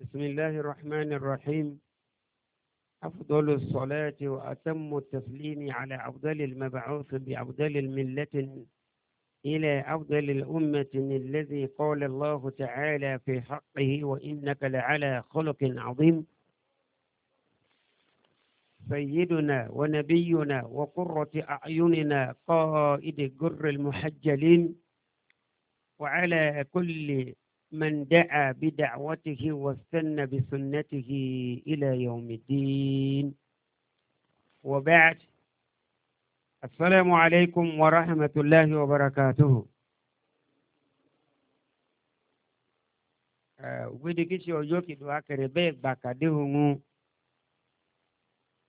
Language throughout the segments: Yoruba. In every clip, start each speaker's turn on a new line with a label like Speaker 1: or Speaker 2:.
Speaker 1: بسم الله الرحمن الرحيم أفضل الصلاة وأتم التسليم على أفضل المبعوث بأفضل الملة إلى أفضل الأمة الذي قال الله تعالى في حقه وإنك لعلى خلق عظيم سيدنا ونبينا وقرة أعيننا قائد جر المحجلين وعلى كل من دعا بدعوته واستنى بسنته إلى يوم الدين وبعد السلام عليكم ورحمة الله وبركاته gbedekisi ọjọ kedo akẹrẹ bẹẹ gba kàdé ohun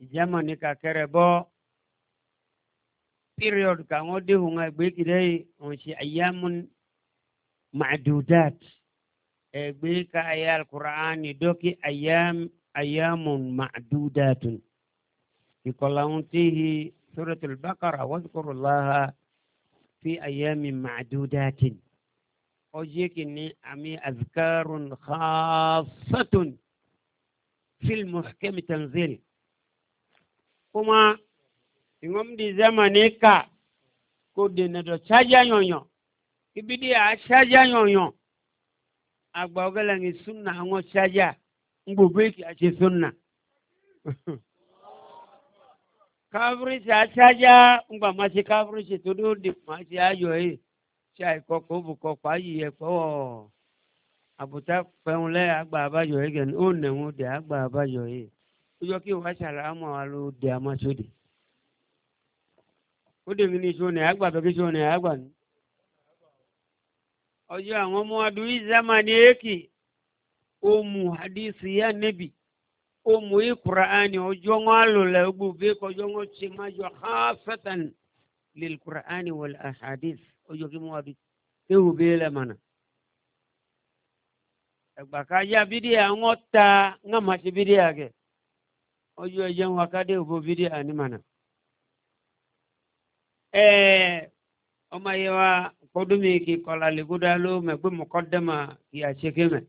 Speaker 1: ìjàmọ ní kakẹrẹ bọ period kàwọn dé ohun ẹgbẹ kìdẹ ọhún ṣe ayamun madudat ẹgbẹ́ ka ayé alukur'an dọ́kì ayamun ma'adudatun ìkọlàhún tíhi suratul bakara wàzkurulaha fi ayamin ma'adudatin ọjọ́ kìíní àmì azkarun khaasatun fílmù kẹ́mi tanzil kuma ìwọ́n di zamani ka kó dènà dọ̀ ṣáájà yọ̀nyọ̀ ibidi à ṣáájà yọ̀nyọ̀. agba ogele sunna hango chaja ngubeki ache sunna kafiri cha chaja ngba machi kafiri che tudu machi ayo hii kwa yi eko abuta pẹ̀húnlẹ̀ àbáyọ yìí ni. ọjọ́ àwọn ọmọ adúrí zamani eki omu hadisi ya nebi omu ikura'ani ọjọ́ wọn alòlẹ̀ gbogbo ọjọ́ wọn ti máa jọ hafẹ́tàn lè kura'ani wọlé ahadis ọjọ́ kí mo wà bí ewu bẹ́ẹ̀ lẹ́ mọ̀nà. ẹgbà ká yá bídíà wọn ta ń má ti bídíà kẹ ọjọ́ ẹjẹ́ wọn ká òbó bídíà ní mọ̀nà. ọmọ yẹn wa قدمي كي قال لقدالو ما قم مقدمة يا شكمة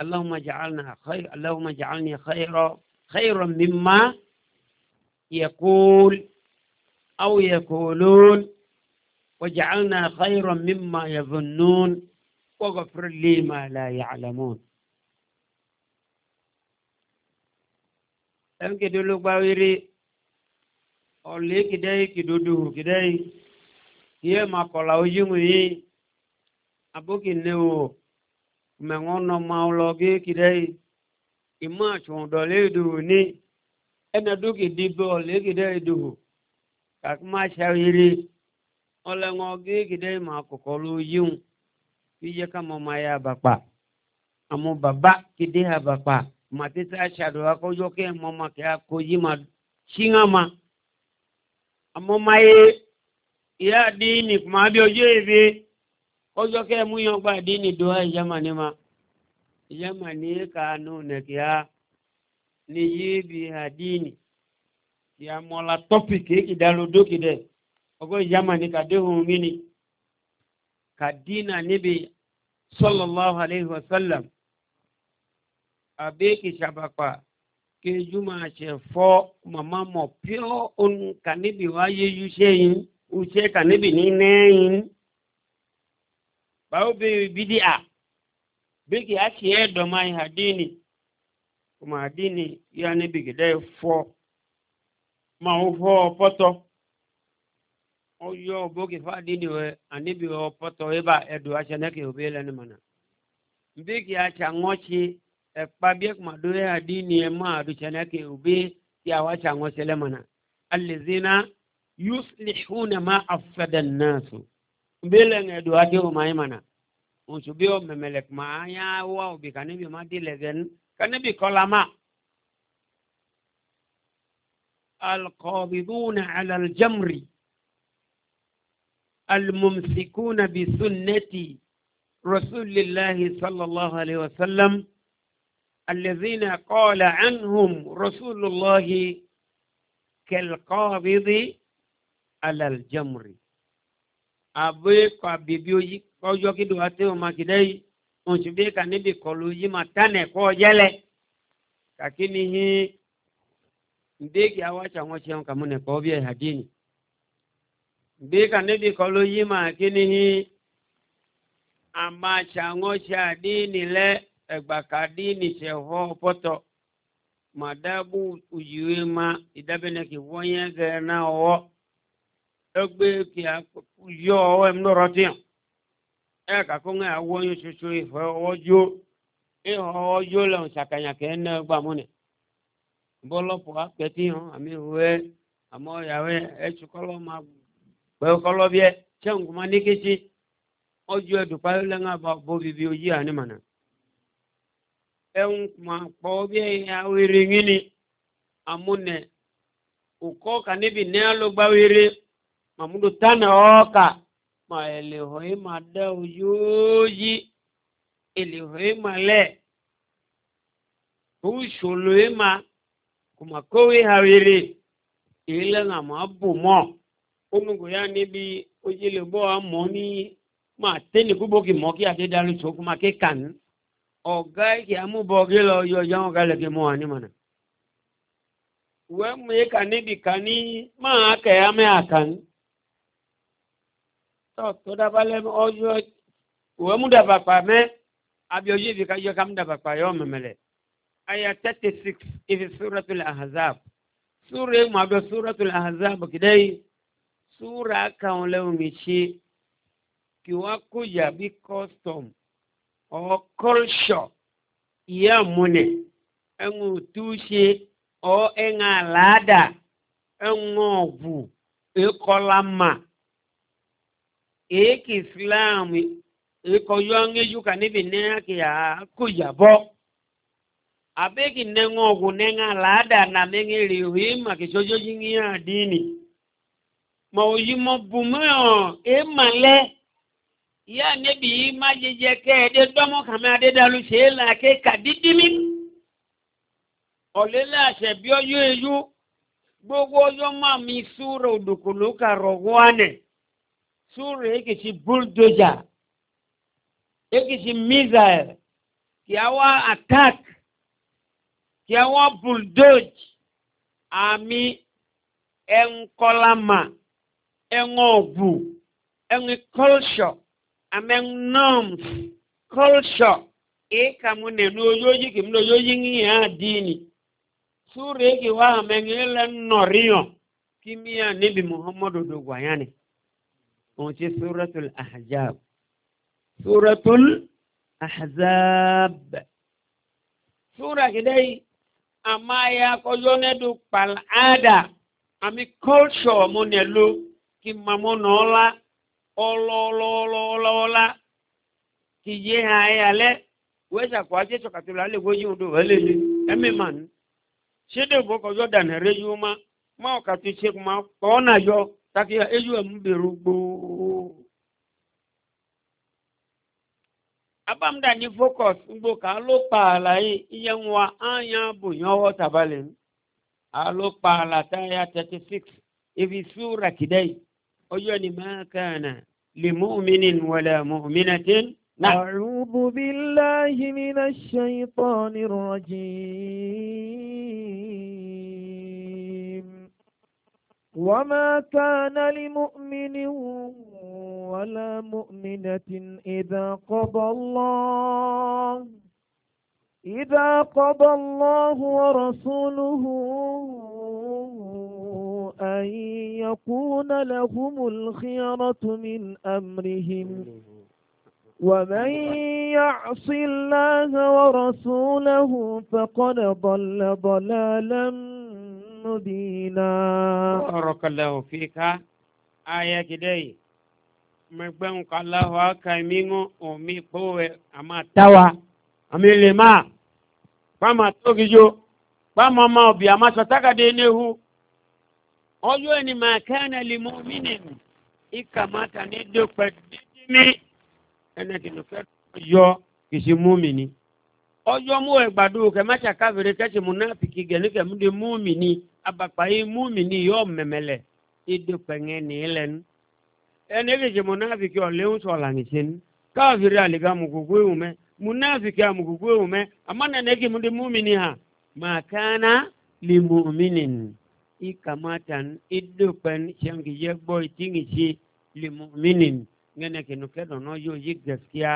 Speaker 1: اللهم جعلنا خير اللهم جعلني خيرا خيرا مما يقول أو يقولون وجعلنا خيرا مما يظنون وغفر لي ما لا يعلمون أنك دلوك باويري أولي كداي كدودوه كداي ye makola ujimu yi aboki newo mengono mauloge kidai ima chondo le du ni ena duki dibo le kidai du kakma shawiri ole ngoge kidai makokolo ujimu pije kama maya bapa amu baba kidai bapa matita ashadu akojoke mama kia kojima ma, amu maye ìyá díìnì máa bí ojú èbè ọjọ́ kẹ́ mú yan gba díìnì dùwà ìjàmà ní ma ìjàmà ní kàánú nàkìá ní yìí bí àdíìnì ìyá mọ́lá tọ́pìkì ìdálódókì dẹ̀ ọgọ́ ìjàmà ní kàdéhùn mí ni kàdínà níbi sọlọ́láhu aleyhi wa sallam àbí kìsàbàpà kejúmọ̀ àṣẹ fọ́ màmá mọ̀ píọ́ ònkà níbi wáyé yú sẹ́yìn uche ka nebi ni
Speaker 2: neyin
Speaker 1: bawo be bidia bigi aki edo mai hadini kuma hadini ya nebi gide fo ma o fo poto o yo bogi fa dini we anibi o poto eba edo achane ke obele ni mana bigi acha ngochi ekpa bi kuma do ya dini e ma adu chane ke obe ti awacha ngosele mana allazina يصلحون ما أفسد الناس بلن ادواتي وما يمنا ونشبه مملك ما يا واو بي كان دي لغن كان بي كلاما القابضون على الجمر الممسكون بسنة رسول الله صلى الله عليه وسلم الذين قال عنهم رسول الله كالقابض alaljamri abe kwa bibi oyi ọjọ́ kí ló wá tẹ́ ọmọ kìdẹ́ yìí oṣù bí kà níbi kọlu yìí máa tánẹ̀ kọ́ ọjẹ́lẹ̀ kàkí ni yín ndéèkì awáṣà wọn ṣe ọkà múnẹ̀ kọ́ bí ẹ̀hà dín ní bí kà níbi kọlu yìí máa kí ni yín àmàṣà wọn ṣe àdín nílẹ̀ ẹgbàkà dín ní ṣẹ̀fọ́ pọ́tọ̀ màdàbù òyìnbó ma ìdábẹ́nẹ́kì wọ́nyẹ́ gẹ̀ẹ́ náà wọ́ egbe kia yo owe mnorotia eka konga awo yo chuchu ifo ojo iho ojo le nsakanya kene gba mune bolopo apeti hon ami we amo yawe echukolo ma gbe kolo bie chengu manikichi ojo edupa le nga bo bibi oji ani mana ẹun kuma kpọ bí ẹyà wèrè yín ni amúnẹ òkọ kàníbi náà ló gbá wèrè mamudu tane oka maelihoima dau yuji ilihoima le hushuluima kumakowi hawiri ile na mabumo onugo ya níbi ojúlébọ amọ ní máa tẹni gbogbo kì mọ kí adédarí tó kó máa ké kàn ọgá ìkì amúbọgí lọ yọjọ ọgá lẹkẹ mọ àní mọnà wẹ́ẹ́ mú ẹ̀ka níbi kan ní máa kẹ́ ẹ́ mẹ́ àkàn tɔtɔ daba lɛ ɔyɔ wɔ mu daba kpa mɛ abi oye bi ka yɔ kam daba kpa yɔ mɛmɛ lɛ aya thirty six ifi suratul ahazab sura mu adɔ suratul ahazab kidai sura kan lɛ omi tsi kí wọn kó yà bí custom or culture ìyá múnẹ ẹnu túṣe ọ ẹnu àlàádà ẹnu ọ̀bù eki islam ikọjọ ngeju ka níbi nẹ́ẹ̀ kì á kó yàbọ̀ abegi nẹ́ẹ̀ ọ̀gùn nẹ́ẹ̀ aláàdá nà mẹ́ẹ̀ rè hí mà kì sọ́jọ́jú ní àdínì mọ̀ òyì mọ̀ bùnmọ́ ẹ̀ mà lẹ́ yá níbi yìí má jẹjẹ kẹ́ ẹ̀ dé dọ́mọ́ kàmí adédàlú ṣe é sura yake shi bulldozer yake shi missile kiawa attack kiawa bulldoze ami enkolama engobu en culture amen norms culture e kamu ne no yoji kim no yoji ngi ya dini sura yake wa amen ile noriyo kimia nabi muhammadu dogwayani òun ti suratul ahzab suratul ahzab sura kìdẹ́yì àmà ya kọjọ́ nẹ́dù pàlàdà àmì culture mu nẹ̀lú kí mamu nọ́ọ́lá ọlọ́ọlọ́ọlọ́ọlá kì yé ha ẹ̀ alẹ́ wẹ́sà kọ́ ajé sọ̀kàtìlá lè wọ́n yíwọ́n dò wẹ́lẹ́ ni ẹ̀mí mà ní. ṣé dèbò kọjọ́ dànù rẹ̀ yíwọ́n má má ọ̀kàtúnṣe má kọ́ ọ́ nà yọ takia AUM bẹ̀rù gbòòó. abamda ni focus gbogbo ka ló pa àlàyé iye ń wa áyàn bòyàn ọwọ́ tàbálẹ̀ ń a ló pa àlàtáyà thirty six ibi fúra kìdẹ́yì ni máa kàánà lè mú omi wọlé mú omi náà tí.
Speaker 2: أعوذ بالله من الشيطان الرجيم وما كان لمؤمن ولا مؤمنة إذا قضى الله إذا قضى الله ورسوله أن يكون لهم الخيرة من أمرهم ومن يعص الله ورسوله فقد ضل ضلالا مبينا بارك
Speaker 1: الله فيك آية كده مبين الله أكمينو أمي بوه أما توا أمي لما فما توجيو فما ما أبي أما ستكدينه ọjọ́ ẹni máa kẹ́rin lè mọ mínìmù ìkà máta ní dópẹ́ dídí ní ẹnẹ́kìnnì fẹ́ yọ kìsì mú mi ni ọjọ́ mú ẹgbàdo kẹ́mẹ́sà káfíìrì kẹ́sì mú náà fìkì gẹ̀ mú mi ni abakpai múmini yọ mẹmẹlẹ idu pẹngẹ nílẹn ẹni kejì munafiki ọlẹ́hùn sọ̀lá nìṣẹ́ni káfíìrì àlìkà mùkùkù ìhùn mẹ munafiki àmùkùkù ìhùn mẹ amánà nẹ́kì múdi múmini hà màkánà lè múmini ikamatan idu pẹn sẹ́nkìyẹ gbọ́ ìtìǹṣe lè múmini ngẹ́nẹ̀kì nùkẹ́ dọ̀nà yóò yí gẹ̀sìkíà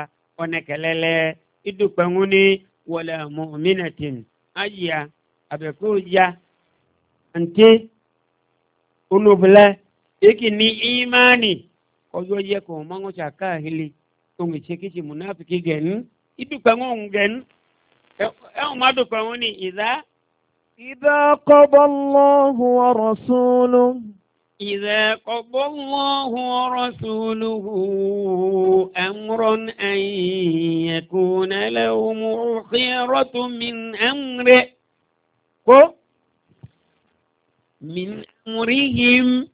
Speaker 1: idu pẹ̀ngúni wọlé múminatin ayíya àbẹ̀kọ́ ya anti unubla iki ni imani ojo ye ko mango cha kahili tungi chekichi munafiki gen iduka ngon gen au madu kwa ngoni idha
Speaker 2: idha qada Allah wa rasuluhu
Speaker 1: إذا قضى الله ورسوله أمرا أن يكون لهم الخيرة من أمره من أمرهم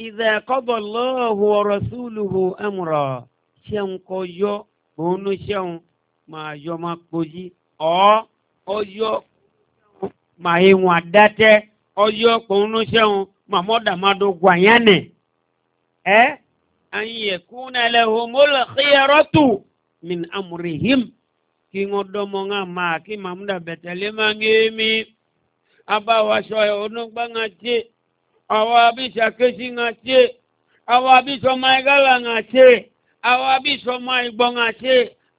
Speaker 1: إذا قضى الله ورسوله أمرا شن قيو هونو شن ما يوم قجي أو أيو ما هي داتة أيو كونو شن ما مودا ما دو غيانة أه أن يكون لهم الخيرة من أمرهم كي نودو مونغا ما كي مامدا بتلي مانجيمي abawasoye onugbaŋatse awo abisakesingatse awo abisomaigalaŋatse awo abisomaigboŋatse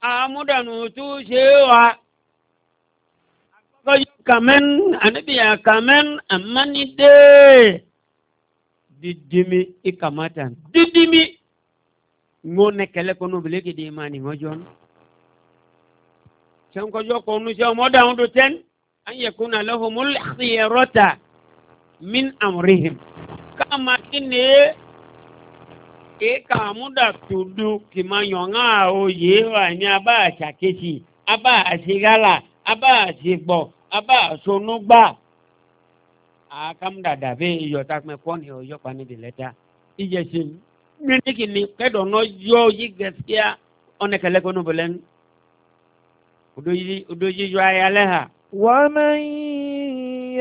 Speaker 1: amudanu tuuse wa akɔyɔ kamen anabiya kamen amani dee didimi ikamatan, didimi ŋo nekele kɔnɔ bileki di ma ni ŋo jɔn sɛnkɔjɔ kɔnu sɛ ɔmɔdanu do tɛni an yakuna lahumul khiyarata min amrihim kama kine ke kamuda tudu kimanyonga oye wanya aba chakechi aba asigala aba asigbo aba sonugba akamda dabe iyo takme kwani oyo pani dileta ijeshin mini kini kedo no yo yi gaskiya onekele kono belen udoji udoji yo ayaleha
Speaker 2: ومن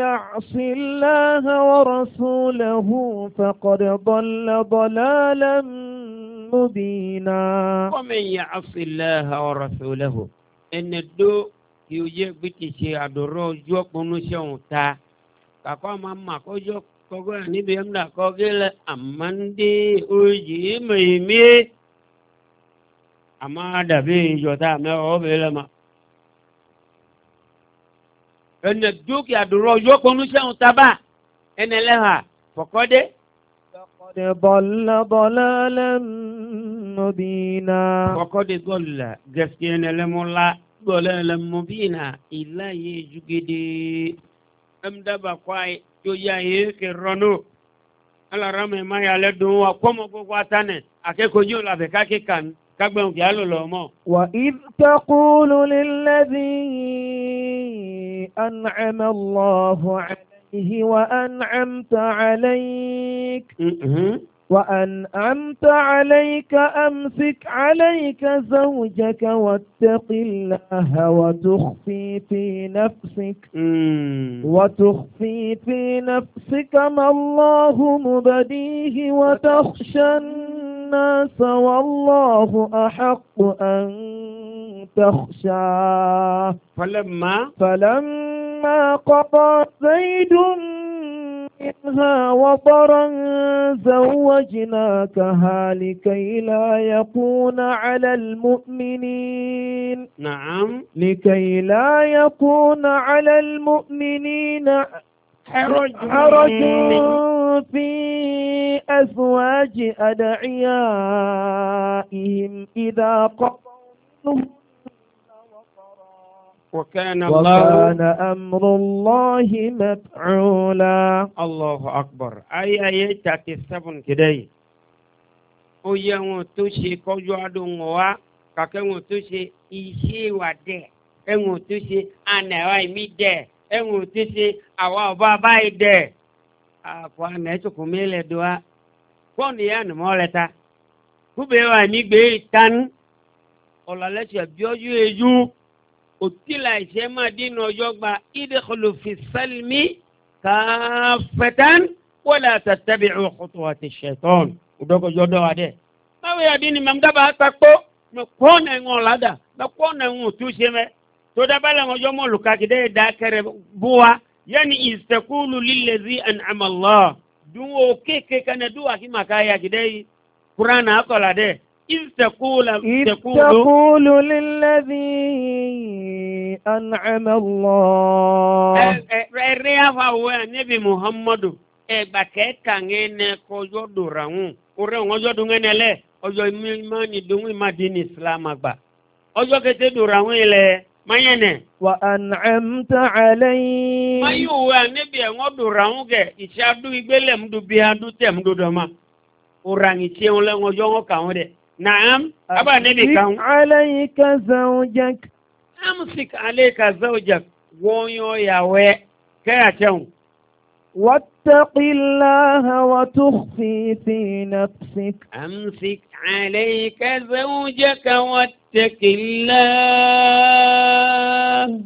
Speaker 2: يعص الله ورسوله فقد ضل ضلالا مبينا
Speaker 1: ومن يعص الله ورسوله ان الدو يوجي بتشي ادورو جو بنوشون تا كاكو ماما كو جو كوغو ني بيم دا كوغيل اماندي اوجي ميمي اما دبي جوتا ما او بيلما ene dúkìá dúró yókùnú sẹ́hùn tábà ene lẹ́hà fọ̀kọ́dé.
Speaker 2: Fọ̀kọ́dé bọ̀lá bọ̀lá lẹ́mọ̀bìnà.
Speaker 1: Fọ̀kọ́dé gọ́lá gẹ̀sìkì ene lẹ́mọ̀lá gọ́lá lẹ́mọ̀bìnà ìlà yìí jùgede. Ẹ̀mdàbà kwá tó yá yìí kì rọ́nù. Alára mi máa yà lẹ́dùn wa kọ́mọ gbogbo atánẹ̀ akẹ́kọ̀ọ́ yóò làbẹ̀ká kíkà ní. وإذ
Speaker 2: تقول للذي أنعم الله عليه وأنعمت عليك وانعمت عليك أمسك عليك زوجك واتق الله وتخفي في نفسك وتخفي في نفسك ما الله مبديه وتخشى الناس والله أحق أن تخشاه
Speaker 1: فلما
Speaker 2: فلما قضى زيد منها وطرا زوجناكها لكي لا يكون على المؤمنين
Speaker 1: نعم
Speaker 2: لكي لا يكون على المؤمنين حرج في أزواج أدعيائهم إذا قالوا
Speaker 1: وكان الله وكان
Speaker 2: أمر الله مفعولا الله أكبر
Speaker 1: أي أي تاتي كدي oye wọn tó ṣe kọjú adùn wọn wá kàkẹ́ wọn tó ṣe iṣẹ́ ìwà ẹ̀hún ti ṣe àwa ọba báyìí dẹ̀ àpò àmì ẹ̀tùkù mi lẹ̀ do wa fóònù yẹn àná mọ́ lẹ́ta kúbẹ̀ wà mí gbé tán ọ̀làlẹ́sẹ̀ bíọ́jú ejú òtílà ìṣe máa dín ní ọjọ́ gba ìdíkọlù fi sálmi káfẹ́tán wọ́lá tàtàbí ọkùtù àti ṣẹ̀tọ́n ọdọ́kọjọ́ dọ́wà dẹ̀. báwo yà dín ní mẹ́mdábàá takpó mẹ́kọ́nà ẹ̀wọ̀n ládàá mẹ́kọ́nà ẹ̀wọ̀n to da bala mo jomo luka kide buwa yani istakulu lillazi an'ama Allah dun o keke kana duwa ki makaya kide kurana akola de istakula istakulu
Speaker 2: lillazi an'ama Allah
Speaker 1: eh, eh, re afa wo nabi muhammadu e gba ke kan ene ko yodo rawun ore won yodo ngene le ojo mi mani dun mi madini islam agba ojo kete do rawun ile manyene wa
Speaker 2: an'amta alayhi mayuwa
Speaker 1: nebi ngodu raunge ichadu igbele mdu biadu te mdu doma urangi cheule ngojo ngoka onde naam aba nebi kan
Speaker 2: alayka zawjak
Speaker 1: amsik alayka zawjak wonyo yawe
Speaker 2: kaya chau واتق الله وتخفي في نفسك أمسك
Speaker 1: عليك زوجك واتق واتق
Speaker 2: الله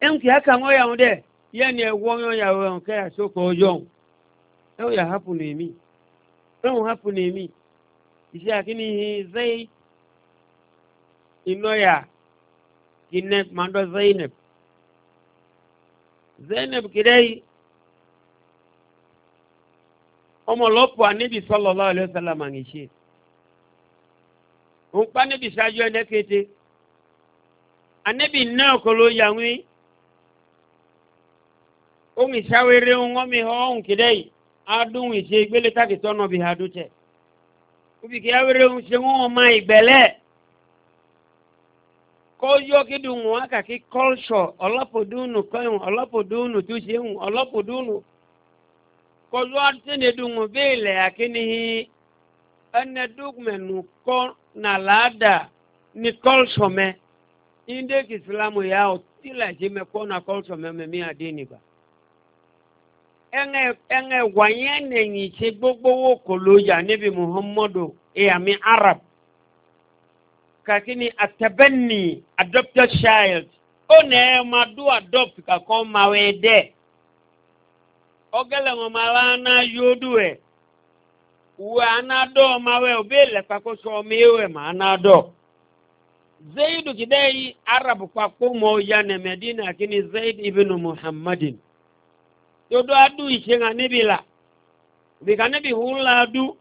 Speaker 1: enki aka nwa ya nwude ya na-egwu onye ọya wee nke ya so ka ọjọọ ewu ya hapụ na-emi ewu hapụ na-emi isi aki n'ihi zai ino ya kinet mando zainab zainab kidai ọmọ lọpọ anibi sọlọlọ alẹ sọlọ ma ngi ṣe òǹpa níbi ṣáájú ẹlẹ́kẹ̀tẹ̀ anábì náà kò ló yà wí ohun ìṣàwérè ohun mi ọ̀hún kìdẹ́ yìí adóhun ìṣe ìgbélé tàbí tọ́nà bí adútẹ̀ òbí kìí awérè ohun ṣe wọ́n ọmọ ìgbẹ́lẹ̀ kó yọ kọ́lṣọ̀ ọlọ́pọ̀dúnù kọ́yìn ọlọ́pọ̀dúnù tó ṣe ń ọlọ́pọ̀dúnù yọ bẹ́ẹ̀ kọ́. na laada ni culture me inde kiislamu yao tila jime kuona culture me memi adini ba enge enge wanyene ni che gbogbo wo koloya nabi muhammadu e ami arab kakini atabanni adopted child one ma do adopt kakon mawede ogele na yodo yodue uwe anadọ mawe obele kpakoso mewe ma anadọ zaid kidai Arabu kpakpo mo ya ne medina kini zaid ibinu muhammadin yodo adu ishenga nibila bika nibi hula adu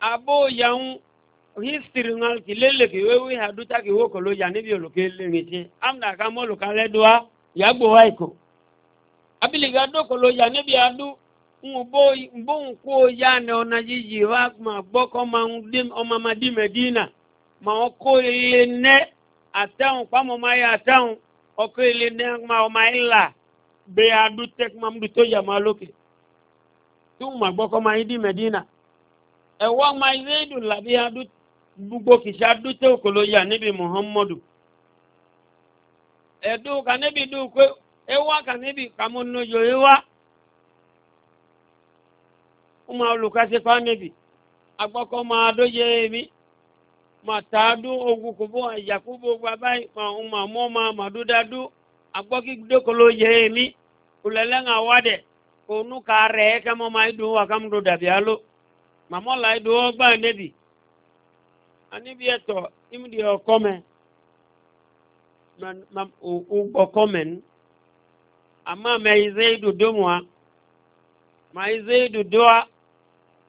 Speaker 1: abo yan history ngal kilele ki wewe hadu ta ki woko lo ya nibi oloke lengete amna ka mo lo kale dua ya gbo abili ga doko lo ya nibi adu ngbóhùn kó yá ni ọ̀nà yíyí wa máa gbọ́ kọ́ ọmọ máa dí mẹ́dínà máa kó ilé nẹ́ àtẹ̀hùn pàmò máa yẹ àtẹ̀hùn ọkọ̀ ilé nẹ́ máa ọmọ ìlà bẹ́ẹ̀ adútẹ́k máa ń dùtò yà máa lókè tí wọ́n máa gbọ́ kọ́ máa dí mẹ́dínà ẹ̀wọ́ máa ilé ìdùn làbí gbogbo kìsì adútẹ́ òkòló yà níbi muhammadu ẹ̀dùn e kàníbi dùn pé ẹ̀wọ́ kàníbi e kàmúnú yòówá ma olùkásí fánẹ́bì agbọ́kọ́ máa dóye èmi máa tààdú ogun kò bó àyàkúbò bàbá ìpàwọn máa mọ́ máa màdúdádú agbọ́kí dókòló yẹ èmi kùlẹ̀lẹ́ngà wádẹ̀ ònú ka rẹ̀ ẹ́kẹ́ mọ́ máa dùn wà kámúdó dàbí aló màmọ́ là ń dùn ọgbà nẹ́bì aníbi ẹ̀tọ́ ìmùdí ọkọ́ mẹ́ ọkọ́ mẹ́ ní àmọ́ mẹ́ ìzẹ́ ìdòdó mu wa màá ìzẹ́ ìdòdó wa.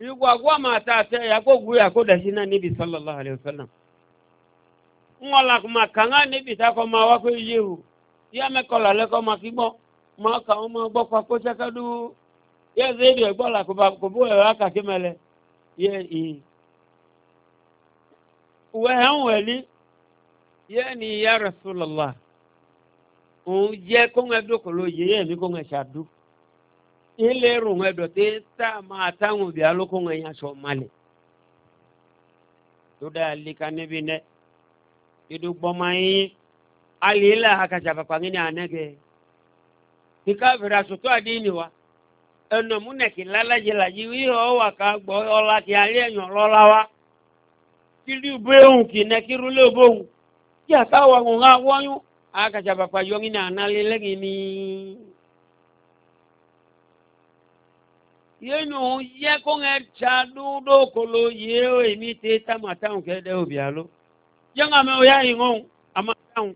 Speaker 1: igwa gwa mata ata ya ko gu ya ko da shi na nabi sallallahu alaihi wasallam ngola kuma kanga nabi ta ko ma wa ko ya me ko la le ko ma ki bo ma ka o ma bo ko ko ta du ya ze de gbo la ko ba ko bo ya e ka ki mele ye i ye ni ya rasulullah o je ko ko lo ye mi ko ile runga do te ta ma ta ngu bi aloko nga nya so male to da lika ne bi ne idu bomai alila haka jaba pangini anege tika vira soto adini wa eno mune kilala jela jiwi ho wa ka gbo ola ti ale yan lola wa kili beun ki ne kirule bohun ki ata wa ngu nga wonyu aka jaba pa yongina analile gini yenu ye ko ŋer cadu do kolo ye o emi te tama taŋ ke de obialo yeŋa me o ya yiŋo ama taŋ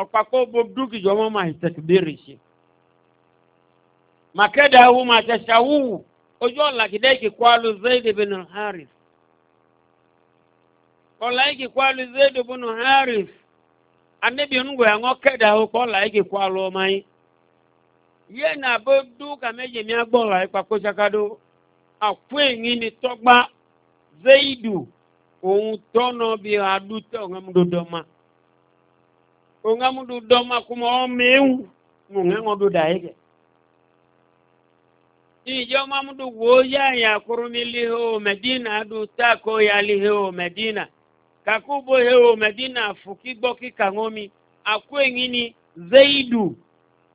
Speaker 1: ọ̀pàkó bobdu kìjọ mọ́ máa tẹ̀kìbéèrè ṣe màkẹ́dà awo máa tẹ̀sà wúwù ojú ọ̀la kìdẹ́ ìkìkọ́ alu zayd bin harris ọ̀la ìkìkọ́ alu zayd bin harris anabi onugbo ya ŋọ́ kẹ́dà awo kọ́ ọ̀la alu ọmọ yìí yé na bó dú kàméjì mi agbọ́ra ipa kó sakadó àkó èyí ni tọ́gbà zeidu òun tọ́nà bí adúté òǹgamudodọ́mà òǹgamudodọ́mà kúmọ̀ ọ́mẹ́wù nùngẹ́ngọ́dó dàyé kẹ. ìjọ mamudu wo yá ya kurumi lihe o medina adu taako ya lihe o medina kakubo he medina fukigbọ́ kíkà ńomi àkó èyí ni zeidu.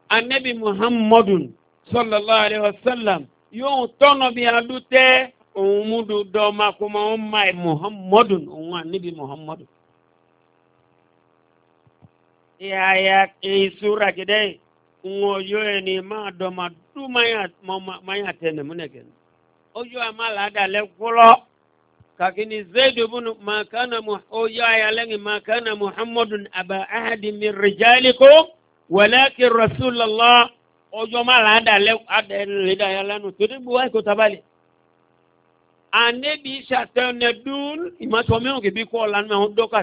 Speaker 1: anabi muhammadu sallallahu alaihi wa sallam yóò tọ́nà bí adúté òun múdu dọ́ọ̀ma kó ma ń ma muhammadu òun anabi muhammadu. ìhàyà ìṣúra kìdẹ́ ŋo yóò yẹ ni máa dọ́ọ̀ma dú mayà tẹ̀lé múnẹ̀kẹ́ ojú àmà làádà lẹ kúlọ́ kakini zayidu bunu makana mu ojú àyà lẹ́yìn makana muhammadu aba ahadi mi rìjálí kó. walakin rasulillah ọjọ́ máa là á dà lẹ́ lẹ́nu torí gbogbo wáyé kò tabalẹ̀. ànẹ́bí sàtẹ̀nẹ̀dún ìmọ̀sọ̀mẹ́hùn kìbí kọ́ àwọn dọ́kà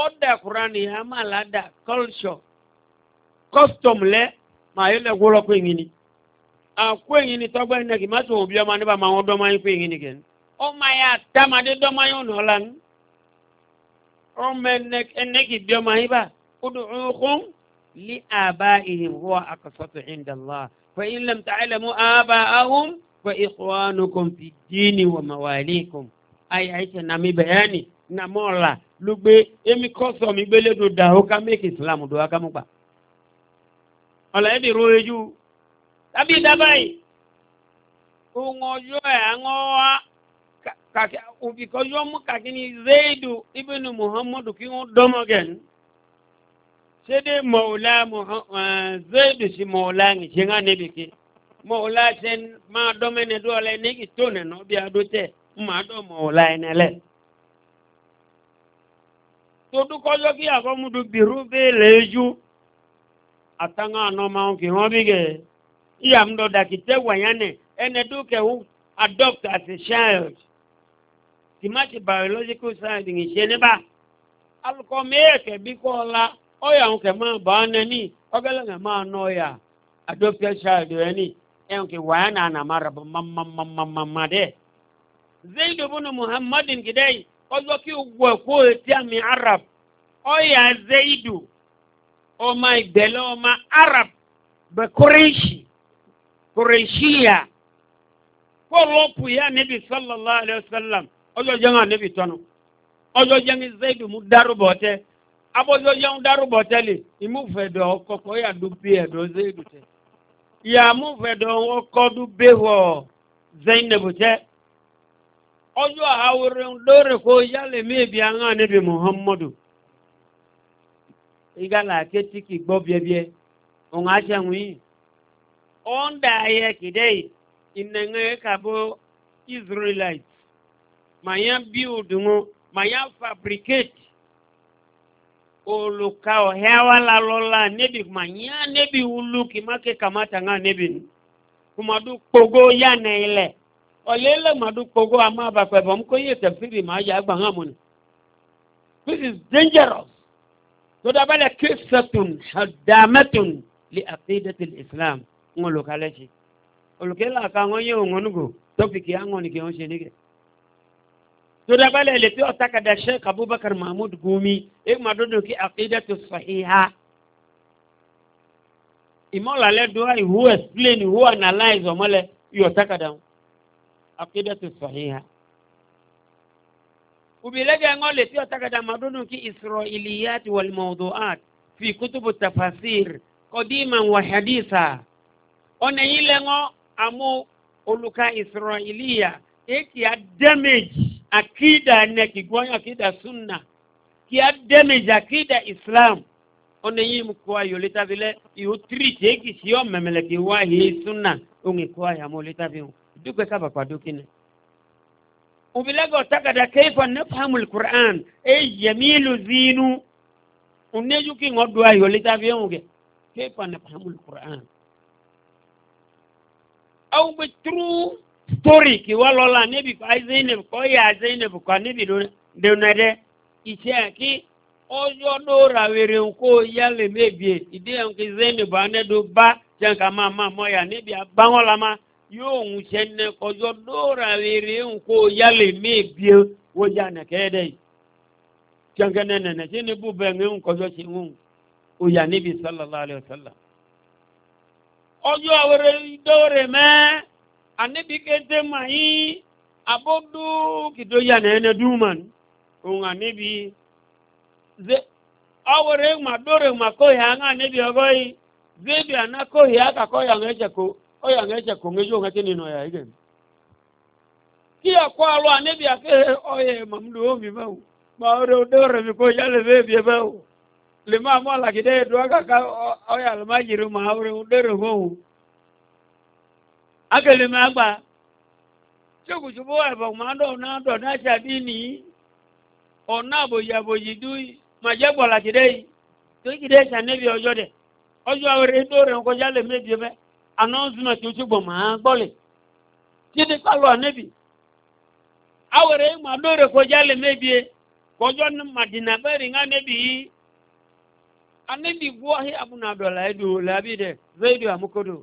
Speaker 1: Ọ ni a máa là dà lẹ́ màá yẹ ni. àkó yìí ni tọ́gbẹ́ ní kì má tó òbí ọmọ máa wọ́n yà ọ̀nà ọ̀la ni. ọmọ ẹnẹ́kì bí ọmọ ud'uuhum li abaihim huwa aqsatu inda Allah fa in lam ta'lamu abaahum fa ikhwanukum fi dini wa mawalikum ayé àìsàn náà mi bẹ̀yẹ́ni náà mọ̀ ọ́ la ló gbé èmi kọ́ sọ mi gbélé do dà ó ká méèkì islam do wá ká mú pa. ọ̀la ẹ̀ dèrò ojú tàbí dábàá yìí ohun ọjọ́ ẹ̀ àwọn wa kàkẹ́ òbí kọjọ́ mú kàkí ni zaidu ibnu muhammadu kí wọ́n dọ́mọ́gẹ̀ ní. sede maula uh, zaidu si maula ngi singa nebi ki sen ma do mene do le ne ki tone no bi adote ma do maula ene le to du ki ago mu biru be leju atanga no ma on bi ge iya mdo da ki te wayane ene du hu adopt as a child ti biological side ngi sene ba alko me ke bi ko la ọyà ń kẹ máa bá ọ́nẹ́ ní ọgẹ́lẹ́gẹ́ máa ná ọyà adókè ṣáàdù ẹ̀ ní ẹ̀ ń kẹ ma nà ànà máa mamamamama dẹ̀. zayd ibn muhammad gidẹ́ ọjọ́ kí wọ̀ kó etí àmì arab ọyà zayd ọmọ ìgbẹ́lẹ́ ọmọ arab bẹ̀ kúrẹ́ṣì kúrẹ́ṣìyà kó lọ́pù yá níbi ọjọ́ jẹ́ níbi tọ́nu ọjọ́ jẹ́ mu dárúbọ̀ tẹ́. abozo yɛn darubɔ tɛli imu fɛ dɔ ya du bi ɛdɔ zeyidu ya mu fɛ dɔ kɔ du bi wɔ zɛyinabu tɛ ɔyɔ awurin lóore ya yálẹ mi bi an ka muhammadu i ka la ke ti k'i o ŋa israelite olukao hewa la lola nebi manya nebi uluki make kamata nga nebi kumadu kogo yana ile olele madu kogo ama ba pe bom ko ye tafsiri ma ya gba nga mun this is dangerous to da bale qissatun hadamatun li aqidati alislam ngolo kale shi olukela ka ngoyo ngonugo topic ya ngoni ke on shenige toda bale le fi otaka da Sheikh Abubakar Mahmud Gumi e ma dodo ki aqidatu sahiha imola le do ai who explain who analyze omole yotaka da tu sahiha ubilege ngo le fi otaka da madodo ki israiliyat wal mawduat fi kutubu tafasir qadiman wa haditha ona ile amu oluka israiliya eki a damage akida ne kigwanyo akida sunna kia damage akida islam one yi mkwa yo leta vile yu trite ki sio memele kiwa hii sunna ungi kwa ya mo leta vile duke kaba kwa dukine ubilago takada kaifa nafahamu alquran e jamilu zinu unejuki ngodwa yo leta vile unge kaifa nafahamu Quran au bi true story kiwa lola nebi kwa zainab kwa ya zainab kwa nebi dunade iche ki ojo do rawere nko yale mebie ide nki zainab anedo ba janka mama moya nebi abangola ma yo nche ne ojo do rawere nko yale mebie woja na kede janka nene ne chini bube ngi nko jo chingu uya nebi sallallahu alaihi wasallam ojo awere dore me anabi kete mahi abodu kido ya na ene duman un anabi ze awore ma dore ma ko ya nga anabi ogoi zebi ana ko ya ka ko ya ngeje ko o ya ngeje ko ngejo ngate nino ya igen ki akwa lo anabi ake oye mamdu omi ba ma ore dore mi ko ya le zebi ba le ma mo la kide do ka ka o ya le ma jiru ma ore dore ho
Speaker 2: akele ma gba
Speaker 1: tsoku tso bo ɛfɔ ma dɔ na dɔ na tsa bi ni ɔna aboyi aboyi du ma dze gbɔla ti de yi to yi de sa nebi ɔjɔ de ɔjɔ awere do re nkɔdza le mebi fɛ anɔnzuna tso tso gbɔ ma gbɔ le titi kalo anebi awere ma do re kɔdza le mebie kɔdza madina fɛ ri ŋa nebi yi anebi gbɔ ahi abunadɔ la yi do la bi dɛ vedio amukodo.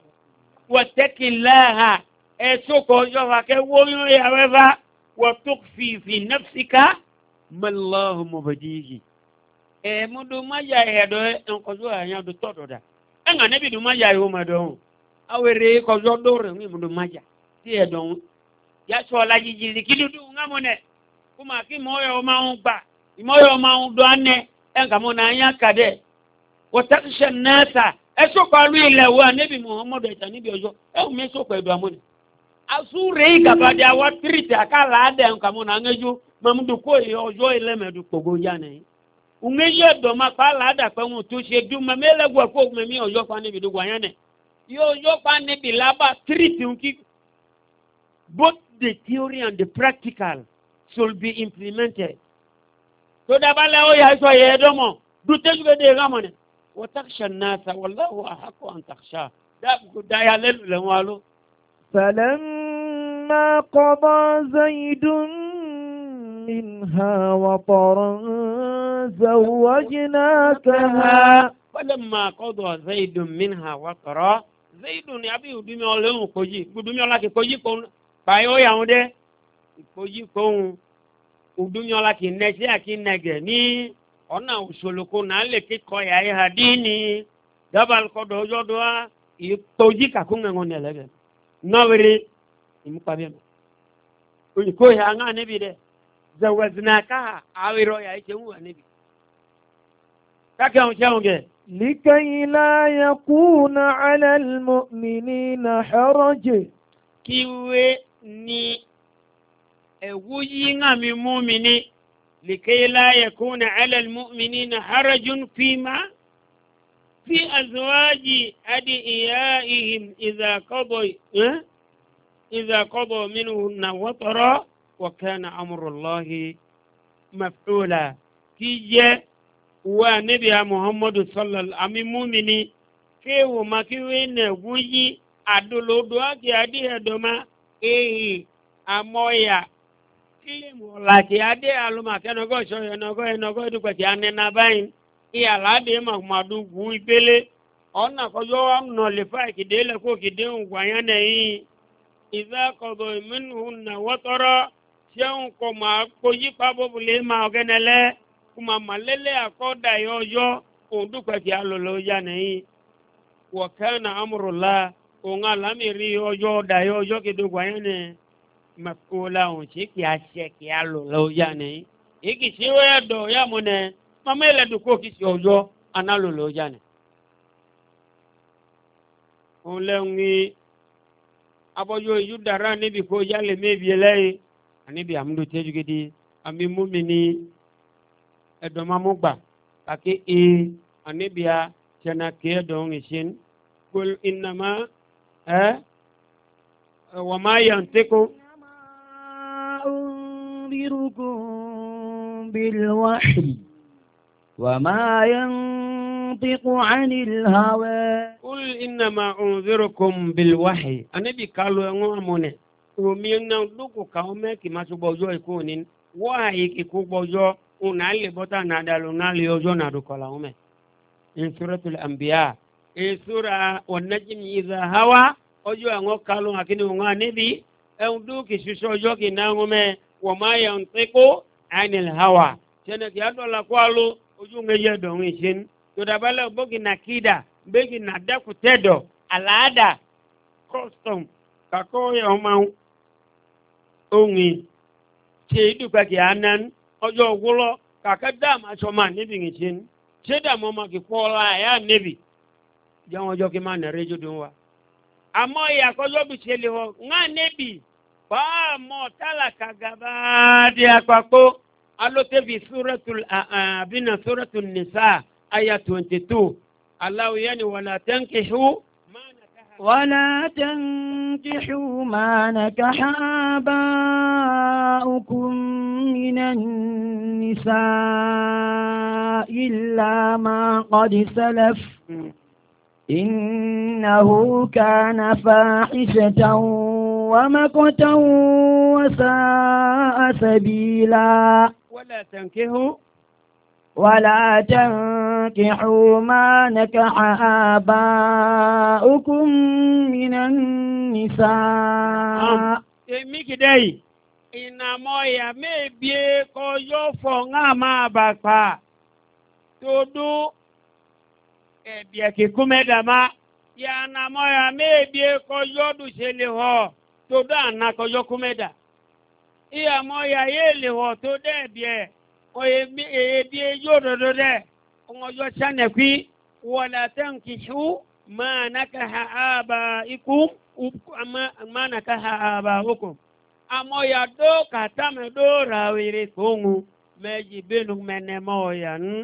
Speaker 1: wọ́tẹ́kì láha ẹ̀sùn kan yọ̀fà kẹ́ wọ́yọ̀ yàrá bá wọ́tọ́ fìfì nẹ́fṣíkà mẹ́lọ́hùn mọ̀bẹ̀dìyì. ẹ̀ mọ́dọ̀máyà ẹ̀dọ́ ẹ̀ńkọ́jọ́ àyàndó tọ̀dọ̀dà ẹ̀ńgà níbi dùmáyà ìwọ́ mọ̀dọ̀hùn awere kọ́jọ́ dọ́rẹ̀ ń mọ̀dọ̀máyà tí ẹ̀dọ̀ ń yasọ ọ̀làjìjì ìdíkídúdú ńgámọ̀nẹ̀ kó máa kí mọ́yọ̀ máa ń gbà ìmọ́yọ̀ máa ń dọ́ ẹsọpọ alu ilẹ wo anabi muhammadu ẹta níbi ọjọ ẹhùn mi sọpọ ẹdọ amúni asúre ìgàbàdì àwa tìrìtì àkàlà àdẹ nkàmú nà ńgẹjú mọmúdùkọ yìí ọjọ ìlẹmẹdù kpọgbó yá nà yìí ńgẹjú ẹdọmọ àkàlà àdà pẹ̀wọ̀n tó ṣe dùn mọ mẹlẹgbọ kó mẹmí ọjọ pa níbi dùgbà yẹn nẹ yóò yọ pa níbi làbà tìrìtì nkí both the theory and the practical should be implemented. tó dábàlẹ̀ ó yà sọ yẹ ẹdọ́mọ̀ وتخشى الناس والله أحق أن تخشاه دا يا ليل لماله
Speaker 2: فلما قضى زيد منها وطرا زوجناكها
Speaker 1: فلما قضى زيد منها وطرا زيد يبي يدمي الله كوجي يدمي الله كوجي كون بايو ياونده كوجي كون يدمي الله كي نجي كي نجي ona usuluku na le ki ko ya ya hadini dabal ko do jo do i toji ka ku ngon ne lege nawri im pabe ko ko ya nga ne bi de zawaznaka awiro ya ite mu ne bi ka ka on cha on ge
Speaker 2: لكي لا يكون على المؤمنين حرج
Speaker 1: كيوي ني ewuyi nga mi mú mi ní لكي لا يكون على المؤمنين حرج فيما في أزواج أدعيائهم إذا قضوا إذا قضوا منهن وطرا وكان أمر الله مفعولا كي ونبي محمد صلى الله عليه وسلم كيو ما كيو نبوي أدلو دواكي أدي أدوما إيه أمويا kilimu lati ade aluma kenogo shoyo nogo enogo edukwe ti anena bain ki alade ma madu gu ipele ona kojo am no le fa kidele ko kide ungwayane yi idha kodo minhunna watara seun ko ma koji pabo bule ma ogenele kuma malele akoda yoyo ondukwe ti alolo yane yi wa kana amrullah onga lamiri yoyo da yoyo kidugwayane yi mẹ́kúlá òun ṣe kí a ṣe kí a lò lọ́wọ́ yá ni ìkì sí wẹ́yà dọ̀ yá mu nẹ mama yẹlẹ dùn kó kì sí ọjọ́ aná lò lọ́wọ́ yá ni. òun e lẹ́hìn ní abọ́jọ́ ìyú dara níbi kó yálẹ̀ mébi lẹ́yìn àníbi àmúlò tẹ́jú gidi àmì múmi ní ẹ̀dọ̀ máa mú gbà kàkí ee àníbi a tẹ̀nà kí ẹ̀dọ̀ ń ṣe kó ìnàmá ẹ̀ wọ́n máa yàn tẹ́kọ̀ọ́.
Speaker 2: يخبركم بالوحي وما ينطق عن الهوى
Speaker 1: قل إنما أنذركم بالوحي أنا بكالو أموني omi na lóko kàwọn mẹ́kì máa tó bọ́jọ́ ikú ni wọ́n àyè kíkó bọ́jọ́ òun náà lè bọ́tà náà dàlú náà lè ọjọ́ náà dùkọ̀ làwọn mẹ́. nsúratul anbiya èsúra ọ̀nàjìmí ìzà hawa ọjọ́ àwọn kálọ̀ àkínní wọn níbi ẹ̀hún dúkìí ṣiṣẹ́ ọjọ́ kìí náà wọn mẹ́ wọ́n máa yẹ ń pín kó anil hawa sẹ́nẹ̀kì adọ́la kó alo ojú ń yẹ dọ̀wìn ṣe ń tòdàbálẹ̀ bógi nà kídà bógi nà dẹ́kùtẹ́dọ̀ àlàádà custom kakó yẹ ọmọ ohun ṣe ìdúpẹ́kì anan ọjọ́ òwúlọ́ kàkà dáàmú asọ́mà níbi ń ṣe ń ṣé dààmú ọmọ kì kọ́ ọ́la ẹ̀yà níbi jẹ́ wọn ọjọ́ kí n nà rédíò dùn wa àmọ́ ìyàkọ́jọ́ bìí ṣe lè wọ ń fáàmọ̀ tálàkà gàbáàdì àpapọ̀ alótẹ́bí sórẹ́tù àbínà sórẹ́tù nìsà àyà twenty two aláwọ̀ yẹn ni wàlá tẹ́ǹkìṣú.
Speaker 2: ولا تنكحوا ما نكح آباؤكم من النساء إلا ما قد سلف إنه كان فاحشة ومقتا وساء سبيلا ولا تنكحوا ولا تنكحوا ما نكح آباؤكم من النساء èmi kìdẹ́ yìí
Speaker 1: ìnàmọ́ ìyá mẹ́ẹ̀bíẹ́ kọ yóò fọ̀
Speaker 2: ńlá máa bà pa
Speaker 1: tòdó ẹ̀bí ẹ̀kíkú mẹ́dàmá ìyá ìnàmọ́ ìyá mẹ́ẹ̀bíẹ́ kọ yóò dùn ṣe lè họ́ to da na ko yokumeda iya mo ya yele ho to de bie o ye bi e bi e yo do do de o yo chane kwi wala tankishu ma nakaha aba ikum ama ma nakaha aba ukum amo ya do katame do rawire kongu meji benu menemo ya n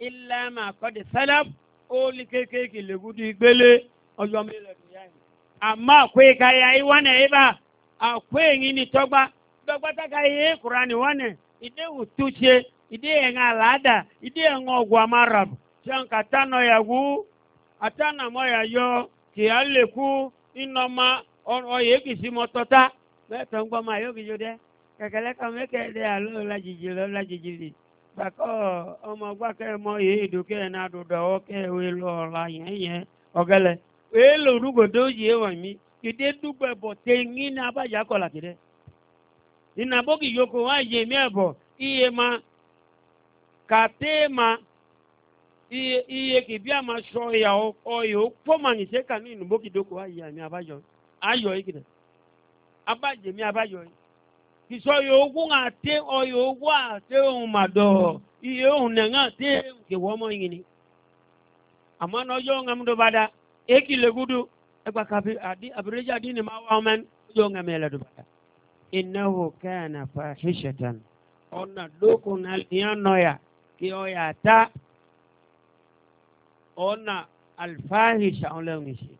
Speaker 1: illa ma qad salaf o li kekeke le gudu igbele ojo mi le amma akwai ka yayi wane ba akwai yini togba dogba ta ka yi kurani wane ide utuche ide yen lada, ide yen ogwa marab chan katano ya gu atana mo ya yo ki aleku inoma oye kisi motota mẹtọ ń gbọ máa yóò kíjọ dẹ kẹkẹlẹ kan mẹkẹẹdẹ àlọ lajìjì lọ lajìjì lè gbàkọ ọmọ gbàkẹ mọ yìí ìdókè náà dòdò ọwọ kẹwé lọ yẹn yẹn ọgẹlẹ elo nugo do ye wa mi ide dugbe bo te ngin aba ya ko la kide ina bogi yoko wa ye mi ebo iye ma kate ma iye iye ki bi ama so ya o oyo po ma ni se kanu inu bogi doko wa ya mi abajo ayo ikide e abaje mi abajo e. iso yo ogun ate oyo ohun mado iye ohun nenga te ke wo mo yin ni amana ojo ngamdo bada eki legudu ekwa kabi adi abirija dini ma wa men yo ngamela du bata innahu kana fahishatan onna doko na noya ki oya ta onna alfahisha olewnishi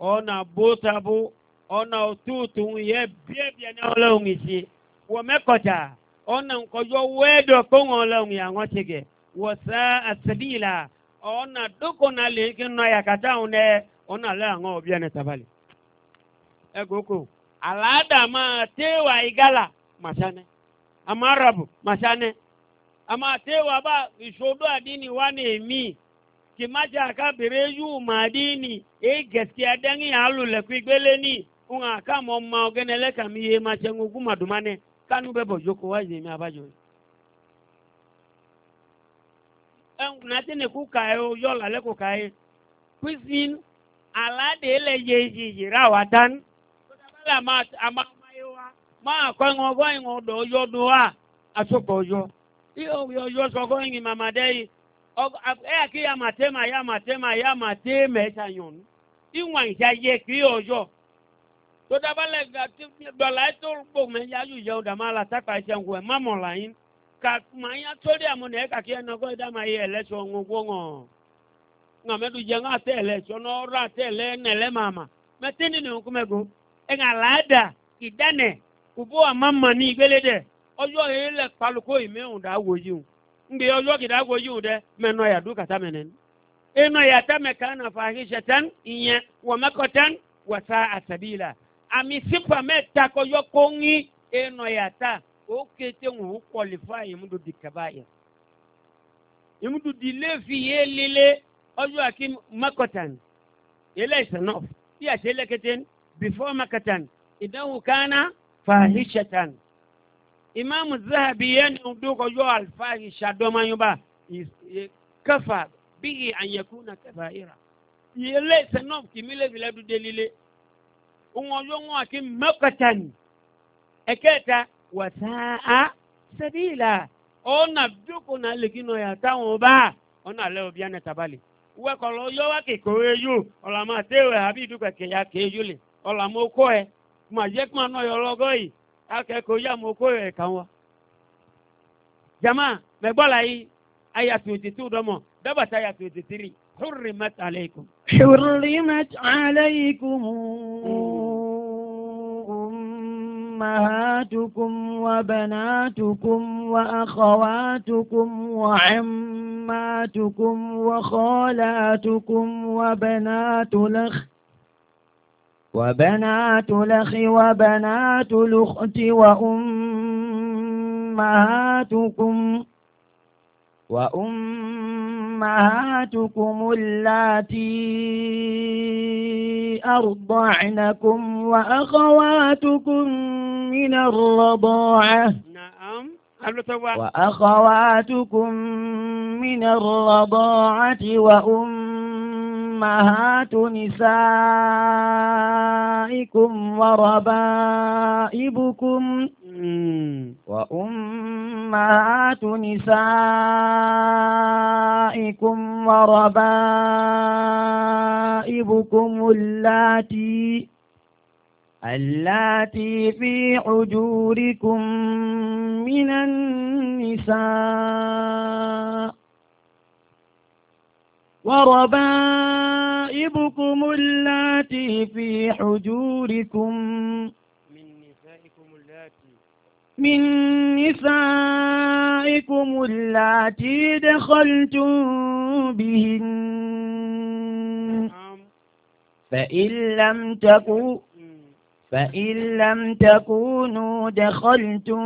Speaker 1: ona botabu ona ututu ye
Speaker 2: bie bie na olewnishi
Speaker 1: wo mekota ona nkojo wedo ko olewni angotige wasa asbila ona doko na le kinu ya kata une ona le ngo obia ne tabali egoko alada ma tewa igala masane amarabu masane ama tewa ba ishodo adini wane mi kimaja akabere yu madini e gaskiya dangi halu le kuigbele ni un aka mo ma ogenele kam iye ma chengu kuma dumane kanu bebo joko wa mi abajo nate ne ku ka ye o yɔ la lɛ ko ka ye kusin ala de le ye yiyira wa tan la ma a ma ma ye wa ma kɔ ŋɔ kɔ ŋɔ dɔ yɔ do wa a so kɔ yɔ iyo yɔ yɔ sɔ kɔ ŋi mama de ye ɔ ɛ yà kí ya ma te ma ya ma te ma ya ma te mɛ ta yɔnu iwọn ìjà yẹ kí yɔ yɔ tó dábàlẹ̀ gàtí dọ̀là ètò gbòmẹ̀ yáyù yẹ ọ̀dàmà la sápà ìṣẹ̀ǹkù ẹ̀ má mọ̀ là yín. kakmanya tori amụna ị kaka ya nọgọ ịda ma ihe elecha ọṅụgwụ ṅụ na meduje ṅụ ata elecha n'ọrụ ata ele na ele ma ama metini na nkumego ị ga-ala ada idane kubu ama mma na igbelede ọjọ ele paluko ime ụda agwoji mgbe ọjọ gida agwoji ụde menọ ya dukata menen ịnọ ya tame ka na fa fahishatan ihe wamekọtan wasa asabila ami sipa mẹta kọjọ kọnyi ịnọ ya taa o kete ŋun o qualify imudu di kaba yẹ imudu di lefi ye lele ọjọ́ aki makọtan yẹlẹ isanof ti a sele keten before makọtan idanwu kana
Speaker 2: fahishatan
Speaker 1: imaamu zahabi yẹn ni do kọjọ alifahisha dọmanyuba kafa bihi anyakuna kaba yira yẹlẹ isanof kimi lefi la du delile ŋun ọjọ́ ŋun aki makọtan ẹ̀kẹta wasaa sabila ona joko na legino ya tawon ba ona le obi ana tabali uwe kọlọ yọ wa kekere yu ọlàmà tẹwẹ àbí ìdúkọ kẹyà kéyu lè ọlàmà okó ẹ mà jẹ kí mà yọ lọgọ yìí akẹkọọ yà mà okó ẹ kàn wá. jama mẹgbọ́la yìí aya twenty two dọ́mọ dábàtà aya twenty three hurrimat aleikum.
Speaker 2: hurrimat aleikum. أمهاتكم وبناتكم وأخواتكم وعماتكم وخالاتكم وبنات الأخ وبنات الأخ وبنات الأخت وأمهاتكم وأمهاتكم أمهاتكم التي أرضعنكم وأخواتكم من الرضاعة نعم وأخواتكم من الرضاعة وأمهات نسائكم وربائبكم وأمهات نسائكم وربائبكم اللاتي اللاتي في حجوركم من النساء وربائبكم اللاتي في حجوركم من نسائكم اللاتي دخلتم بهن نعم. فإن لم تكونوا فإن لم تكونوا دخلتم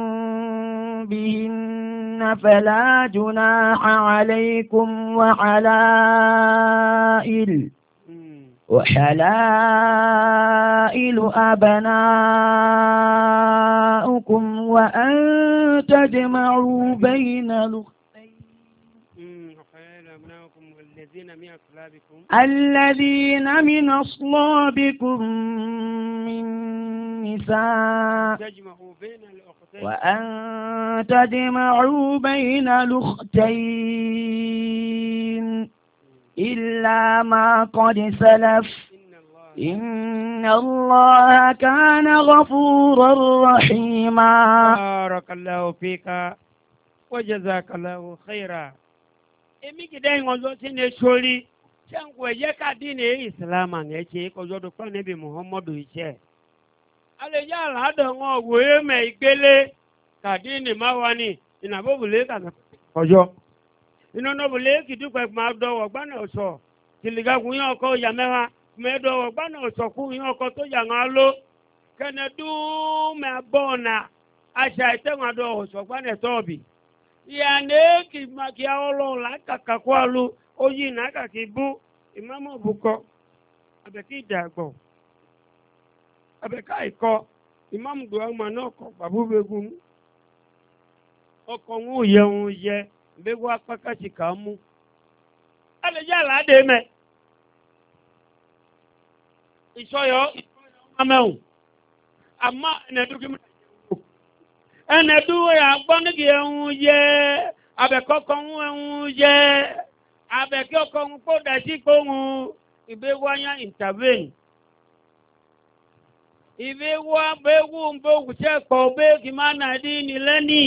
Speaker 2: بهن فلا جناح عليكم وحلائل وحلائل أبناؤكم وأن تجمعوا بين الأختين الذين من أصلابكم من أصلابكم من نساء تجمعوا بين الأختين وأن تجمعوا بين الأختين إلا ما قد سلف إن الله كان غفورا رحيما بارك الله
Speaker 1: فيك وجزاك الله خيرا èmi kìdá ìwọ̀nzọ́ sí ní sórí sẹ́ǹkù ẹ̀yẹ́ kàdí ní ìsìlámà ní ẹ̀ṣẹ́ ìkọjọ́ tó pẹ́ níbi muhammadu iṣẹ́ alẹ́yà aládọ́ngọ́ wòye mẹ́ ìgbélé kàdí ní máwa ní ìnàbọ̀bùlé kàdí ọjọ́. inu nobu leki dukwe kuma do wo gba na oso kiliga ku yan ko ya meha me do wo gba na oso ku yan ko to ya ngan lo kene du me bona asha ite nwa do oso gba na tobi ya ne ki ma ki olo la kaka ku alu oyi na ka ki bu imamu buko abeki dagbo abeka iko imamu do ma na ko babu begun ọkọ̀ ń yẹun yẹ mbegu akpaka chikamu alejala ademe isoyo ameu ama nedugi enedu ya gbọnigi ehun yẹ abẹkọkọ hun ehun yẹ abẹkọkọ hun kó dasi kó hun ìbéwáyà intervene ìbéwá bẹwù bẹwù sẹkọọ bẹẹ kì máa nà dín lẹ́nìí.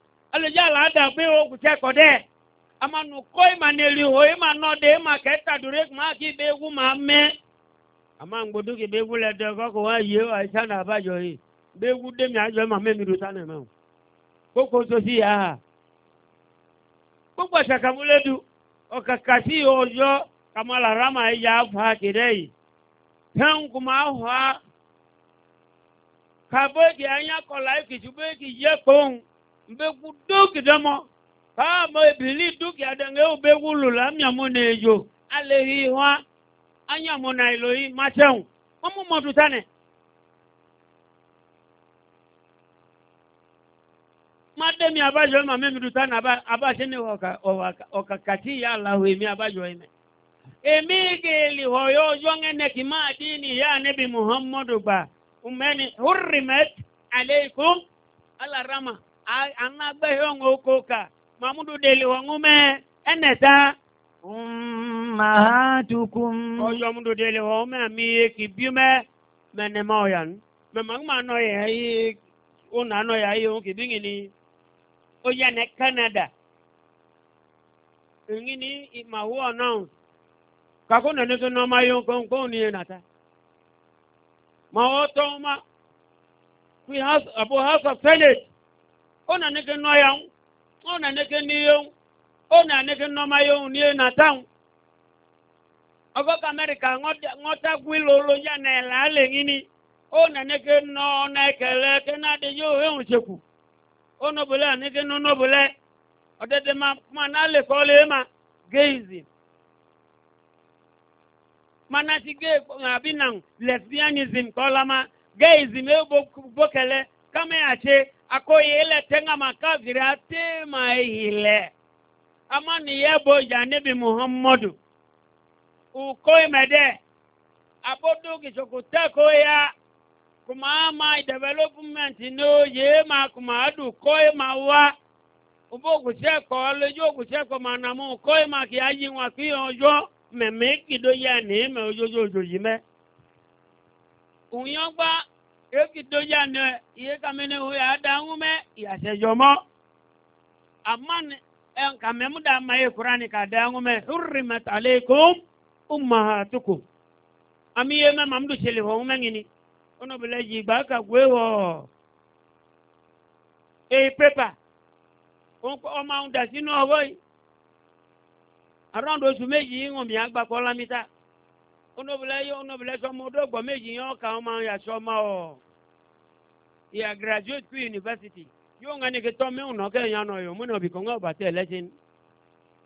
Speaker 1: alẹ́jẹ́ àlàáda pé o kò tẹ́ kọ́ dẹ́ amanu kọ́ ìmà nílì o ìmà nọ́ọ̀dẹ ìmà kẹta dùrẹ́ kùmà kí ibegu máa mẹ́ àmà ńgbọdún kí ibegu lẹ dẹ kọ́ kó wá yé o àìsàn náà àbájọ yìí ibegu dẹ́mi àjọ ìmà mẹ́mi do sánà mẹ́wò kókó sosi yà á gbogbo àtàkàmúlẹ́dù ọ̀kàkàsí ọjọ́ kàmọ́lá rama ẹ̀yà fà kéde yìí tẹ́hùn kùmà hùwà kàbóyè kì ányá kọ̀ yẹ kóhùn mbeku duki damo kama ibili duki adange ubeku lula myamu nejo alehi wa anyamu na ilohi machau mamu matutane mademi abajo ma memi dutana aba abaje ne oka oka okakati ya allah emi abajo ime emi geli hoyo jongene kimadini ya nabi muhammadu ba umeni hurrimat alaykum ala rama anagbeghị ọṅụ oke ụka mamudu deli ọṅụme
Speaker 2: eneta mmahatukum ọjọ mudu deli ọṅụme ami ihe kibiume menema ọyan
Speaker 1: memagbama anọghị ya ihe ụnụ anọghị ya ihe oke bingini oya na kanada ngini imawu ọnọụ na nito nọma ihe nkọ nkonko onye nata ma ọ tọọ ma we have, abụọ a house of senate ọ na-aneke nọ ya ọ na-aneke n'ihe ọ na-aneke nọma ya n'ihe na-ata ọgọka amerịka ṅụtagwu ịlụ ụlọ ya na-ele ala gịnị ọ na-aneke nọ na-ekele eke na-adịghị ohe nwụchekwu ọ nọbụle aneke nọ nọbụle ọdịdị ma ma na-alekọla ịma geizim mana ti gay abi na lesbianism kọlama gayism ebo bokele kama ya ce akoye ile tenga makafiri ate maile ama ni yebo janibi muhammadu ukoi mede abodu Koya, ya kumaama development no ye ma kumadu koi mawa ubo kuseko lojo kuseko manamu koi ma ayi wa kiyojo meme kido ya ni me ojojojo yime unyogba eki doja ne iye kamene huya adangume yasejomo aman en eh, kamemu da maye qur'ani ka dangume hurrimat alaykum ummahatukum ami ye ma mamdu sele ho mengini ono beleji ba ka gwewo e pepa on ko ma unda sinu oboy around oṣù méjì won mi agba ko lamita onobula yi onobula sɔmɔ do gbɔmɛ yi yɔ kan ma ya sɔmɔ o ya graduate to university yóò ŋa ni ke tɔ mɛwùn nɔ kɛ yan nɔ yòó mu nɔ bi kɔngɔ bàtɛ lɛsin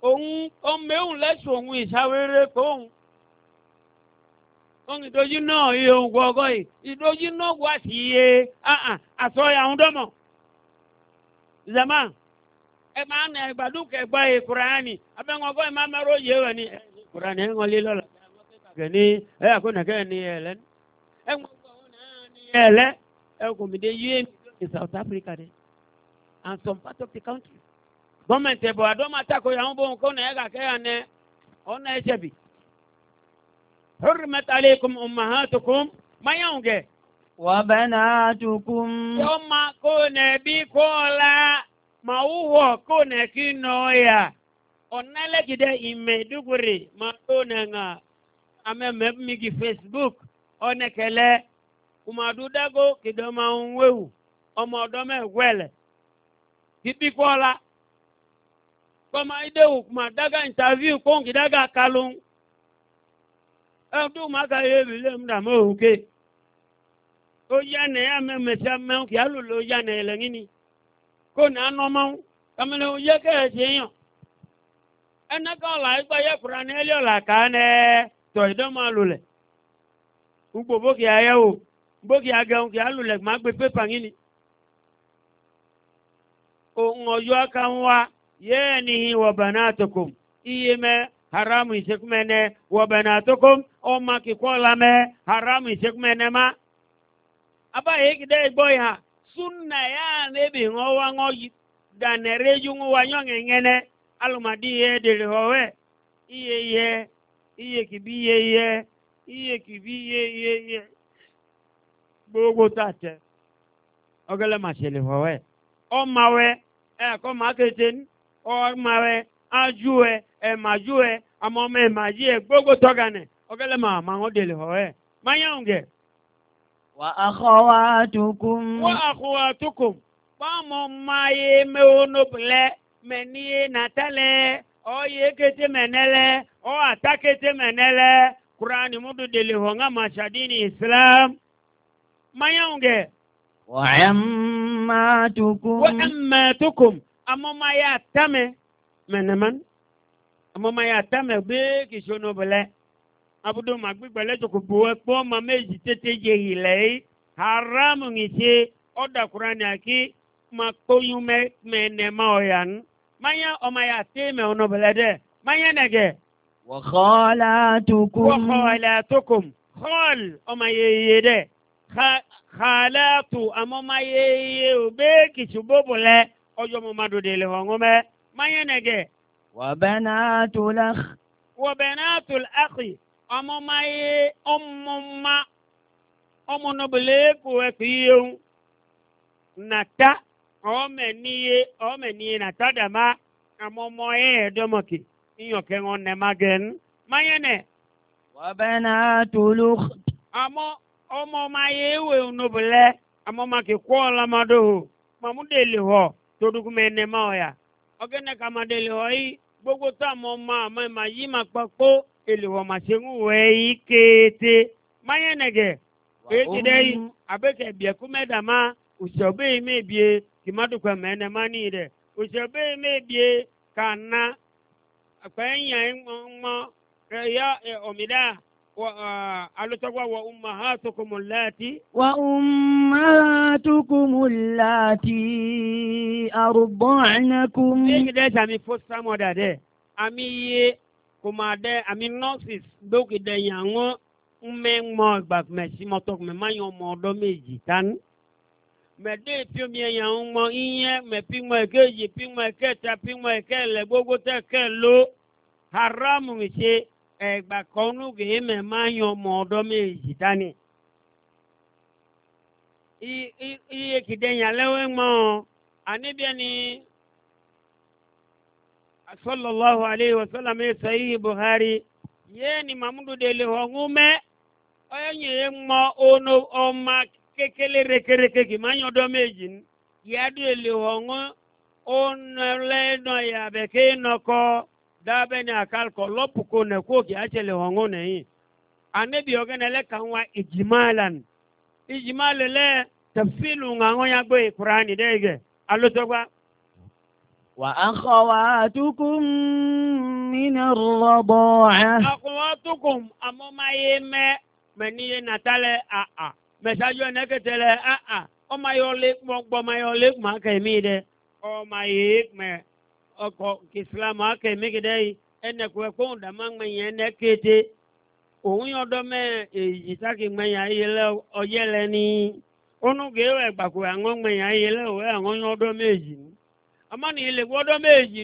Speaker 1: òun ɔmɛwùn lɛsùn òun ìsawéré kóun òun ìdójú náà yé òun gbɔgɔ yìí ìdójú náà wá sí iye àsɔyà òun dɔmɔ zama ɛ máa nà ìgbàdúkẹ gbọ́ yìí kura yẹn ni abẹ́ńgọ́ gbọ́ yìí máa mẹ́rọ yé wẹ̀ ni kura ni ń wọlé lọ́la. gani eya ko nake ni ele e mo ko na ni ele e ko mi de ye in South Africa de and some part of the country government e bo ya bo ko na ga ke ane ona e jebi hurmat alaykum ummahatukum mayange
Speaker 2: wa yoma
Speaker 1: ko bi ko la ma uwo ko gide amememigi facebook ọnekele umadudago kedomanwewu ọmọ ọdọmẹwẹlẹ tipikọla kọma idewu kumadaga interview kóngidaga kalun ẹdun maka yebi lem dama oke o yanẹ amẹmẹsẹ amẹwọn kìí alolo yanẹ lẹyìn kó ní anọmọwọn kàmínú yẹ kẹrẹsì yàn ẹnẹkọ ọlà ẹgbẹ yẹ fúra ní ẹlẹ ọlà kàn án ẹ. tọ̀ ìdán máa lulẹ̀ gbogbo bókè ayẹ́wò bókè agẹun kì á lulẹ̀ máa gbé pépà yín ni ohun ọ̀yọ́ kan wá yẹ́ẹ̀ ni wọ̀bẹ̀ náà tó iye mẹ́ haramu ìṣekúmẹ́nẹ́ wọ̀bẹ̀ náà tó ọmọ kíkọ́ la haramu ìṣekúmẹ́nẹ́ má. abáyé kìdẹ́ ìgbọ́ ya nebi wa iye iye kìbí yeye iye kìbí yeyeye gbogbo tá a tẹ ọgẹlẹ màṣẹlẹ fọwẹ ọmọwẹ ẹ kọ máa kété ní ọmọwẹ ajúwẹ ẹ màjúwẹ àmọmọ ẹ màjí ẹ gbogbo tọgànẹ ọgẹlẹ màá máa ń délé fọwẹ máyàwó gẹ.
Speaker 2: wà á kọ́ wa tukùn. wà á
Speaker 1: kọ́ wa tukùn. báwo máa yé mẹ́wọ́n nọ́bìlẹ́ mẹ́ níye nàtẹ́lẹ́. oye kete menele o atakete menele qur'ani mudu deli honga mashadini islam mayaunge
Speaker 2: wa ammatukum wa ammatukum
Speaker 1: amoma ya tame meneman amoma ya tame be kisono bele abudu magbigbe lejoko buwe po ma meji tete je ile haramu ngise oda qur'ani aki makoyume menema oyan manya omaya teme onobelede manya nege
Speaker 2: wa khalatukum
Speaker 1: wa khalatukum khal omayeyede khalatu amomayeye obeki chubobole ojo mo madodele hongome manya nege wa
Speaker 2: banatul akh
Speaker 1: wa banatul akhi amomaye omoma ọmọ kò ẹ fi yẹun nata omeniye omeniye na tadama amomoye edomoki inyoke ngonne magen
Speaker 2: mayene wabanatul ukht amo ọmọ ma
Speaker 1: ye ewe onobele amo ma ke kwọ lamado mamudeli hɔ todukumene ma ọya ọgẹnẹ kamadeli hɔ yi gbogbo tó àmọ ma àmọ ma yí ma pa kó èlèwọ ma ṣe ń wẹ yí e mayẹnẹgẹ
Speaker 2: èyí ti dẹ yìí
Speaker 1: abẹkẹ bìẹkú mẹdàmá òṣèlú bẹyìí mẹbìẹ kimadukwa mene mani de ushebe mebie kana kwenya ngmo ya e, omida alutagwa wa ummahatukum allati
Speaker 2: wa ummahatukum allati arda'nakum ngide
Speaker 1: sami fosta moda de ami ye kuma de ami nurses doki de yango mmengmo gbagmesi motok me mayo modo meji tan mede piomie yaŋu ŋmɔ iye me piŋmɔ ke yi piŋmɔ ke ta piŋmɔ ke le gbogbo te ke lo haramu se egba kɔnu ge me ma yɔ mɔ dɔ me yi tani iye kide nya le wo ŋmɔ ani ni e buhari ye ni mamudu de le hɔ kékeré rékéréké kì máa ń yan ọdọ méjì ní yàdú èlé ọ̀hún ó nà lẹ́nà yàbẹ̀ kí nà kọ́ dábẹ́ ní àkàlùkọ́ lọ́pùkọ́ nà kó kì á tẹ̀lé ọ̀hún anabi ọ̀gá nà ẹlẹ́ka wa ìjìmáàlà ní ìjìmáàlà lẹ́ tẹ̀fílù àwọn ya gbé ìkùránì dẹ́gẹ̀ alótógbá.
Speaker 2: wà á kọ́ wa tukùn nínú rọ̀bọ̀ ẹ̀.
Speaker 1: àkùnwá tukùn àmọ́ mẹ́ mẹ́ níye nàtàlẹ́ àà. mẹsàájú ẹni kẹtẹlẹ aa ọmọ ayọ lẹkùmọ gbọmọ ayọ ma akẹmí eme ọmọ ayọ ọkọ kìsìlámù akẹmí kẹdẹ yìí ẹnẹkùn ẹkọọhún dàmáǹgbẹ yẹn ẹnẹ kété òun yọ dọ mẹ èyí sákì gbẹyìn ayé lẹ ọyẹ lẹ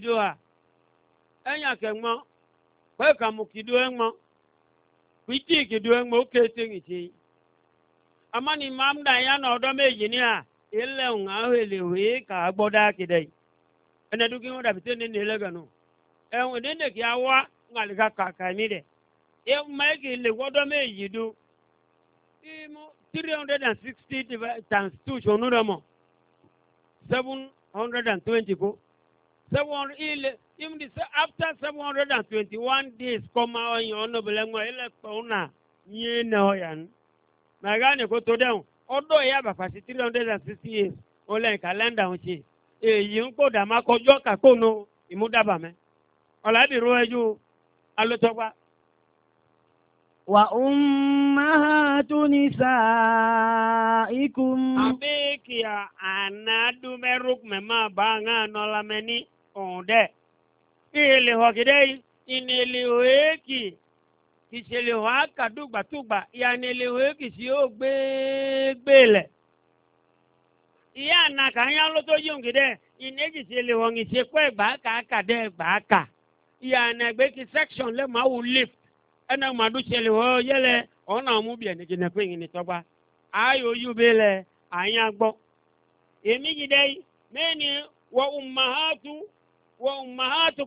Speaker 1: do e a ẹyìn akẹgbọn amani mamda ya na ọdọ méjì ni a ilẹ̀ ń ahọ́ èlè wé kà á gbọ́ dá kéde yìí ẹnẹ dúkì ń dàbí tẹ́ ní ní ẹlẹ́gàn nù ẹ̀hún ìdíndè kí a wá ń àlìkà kàkà mí dẹ̀ ẹ máa kì í lè wọ́dọ́ méjì dú three hundred and sixty times two ṣonú rẹ mọ̀ seven hundred and twenty ko seven hundred ilẹ̀ e ìmúdi e after seven hundred and twenty one days kọ́ máa ọyàn ọ̀nà bẹ̀lẹ̀ ń wọ̀ ilẹ̀ pọ̀ náà yín náà ọ̀yàn nù na gane ko to dẹ́hùn ọdọ ya bàbá sí three hundred and sixty years ó lẹ́yìn kàlẹ́ndà ń ṣe èyí ń kó dàmá kọjọ́ kàkóònù ìmúdàbàmẹ́ ọ̀làdìrú ẹjú alótọ́gbà.
Speaker 2: wà ó ń máa tó ní sàáìkùn.
Speaker 1: àbíkìá mẹ́mà bá ń nọ́lámẹ́ ní òun dẹ̀. kí ilé hàn yìí ìnìlẹ̀ òye kì í. kìsìlè wà kàdúgbàtúgbà ìyànnìlè wò ó gbégbé lẹ̀. ìyá ànàkà ń yá lótó yóò gidẹ ìní kìsìlè wọ̀ ní ìṣekú ẹ̀ gbàákà kàdé gbàákà. kì section lè máa lift ẹnà màdú yẹlẹ ọ̀hún náà mú pé ìyìn gbọ́. èmi gidẹ mẹ́ni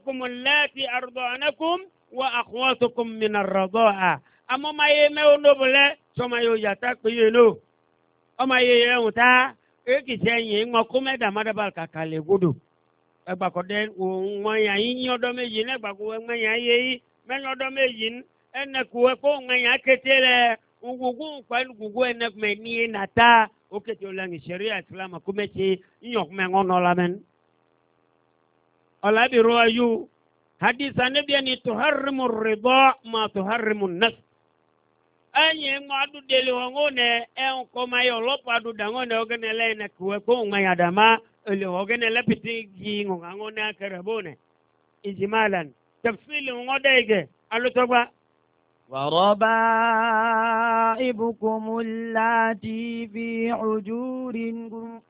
Speaker 1: kùmùlẹ́ẹ̀tì wa akhwatukum min ar-radaa'a àmọ́ máa yẹ mẹ́wọ́n lóbulẹ̀ sọma yóò yàtá péye lò ọmọ yẹ yẹ ń ta èkì sẹ́yìn ń kó mẹ́ta mọ́tàbà kàkà lè gbódò ẹgbàkọ̀dẹ òun mọ̀nyà yín yín ọdọ́ méjì ní ẹgbàkọ̀wé mọ̀nyà yẹ yí mẹ́ni ọdọ́ méjì ní ẹnẹkùwé kó mọ̀nyà kété rẹ̀ ngugu pẹ̀lú ngugu ẹnẹkùmẹ̀ ní yé nàta ó kété olè ní sẹ̀rí àtìlámà kó mẹ́tì yín ọ̀kùnmẹ̀ ń hadis anabi ni tuharrimu rida ma tuharrimu nas anye madu deli wangone en koma yo lopadu dangone ogene le na kuwe ko ngaya dama ele ogene le piti gi ngongone akarabone ijmalan tafsil ngodege alutogba
Speaker 2: وربائبكم اللاتي في حجوركم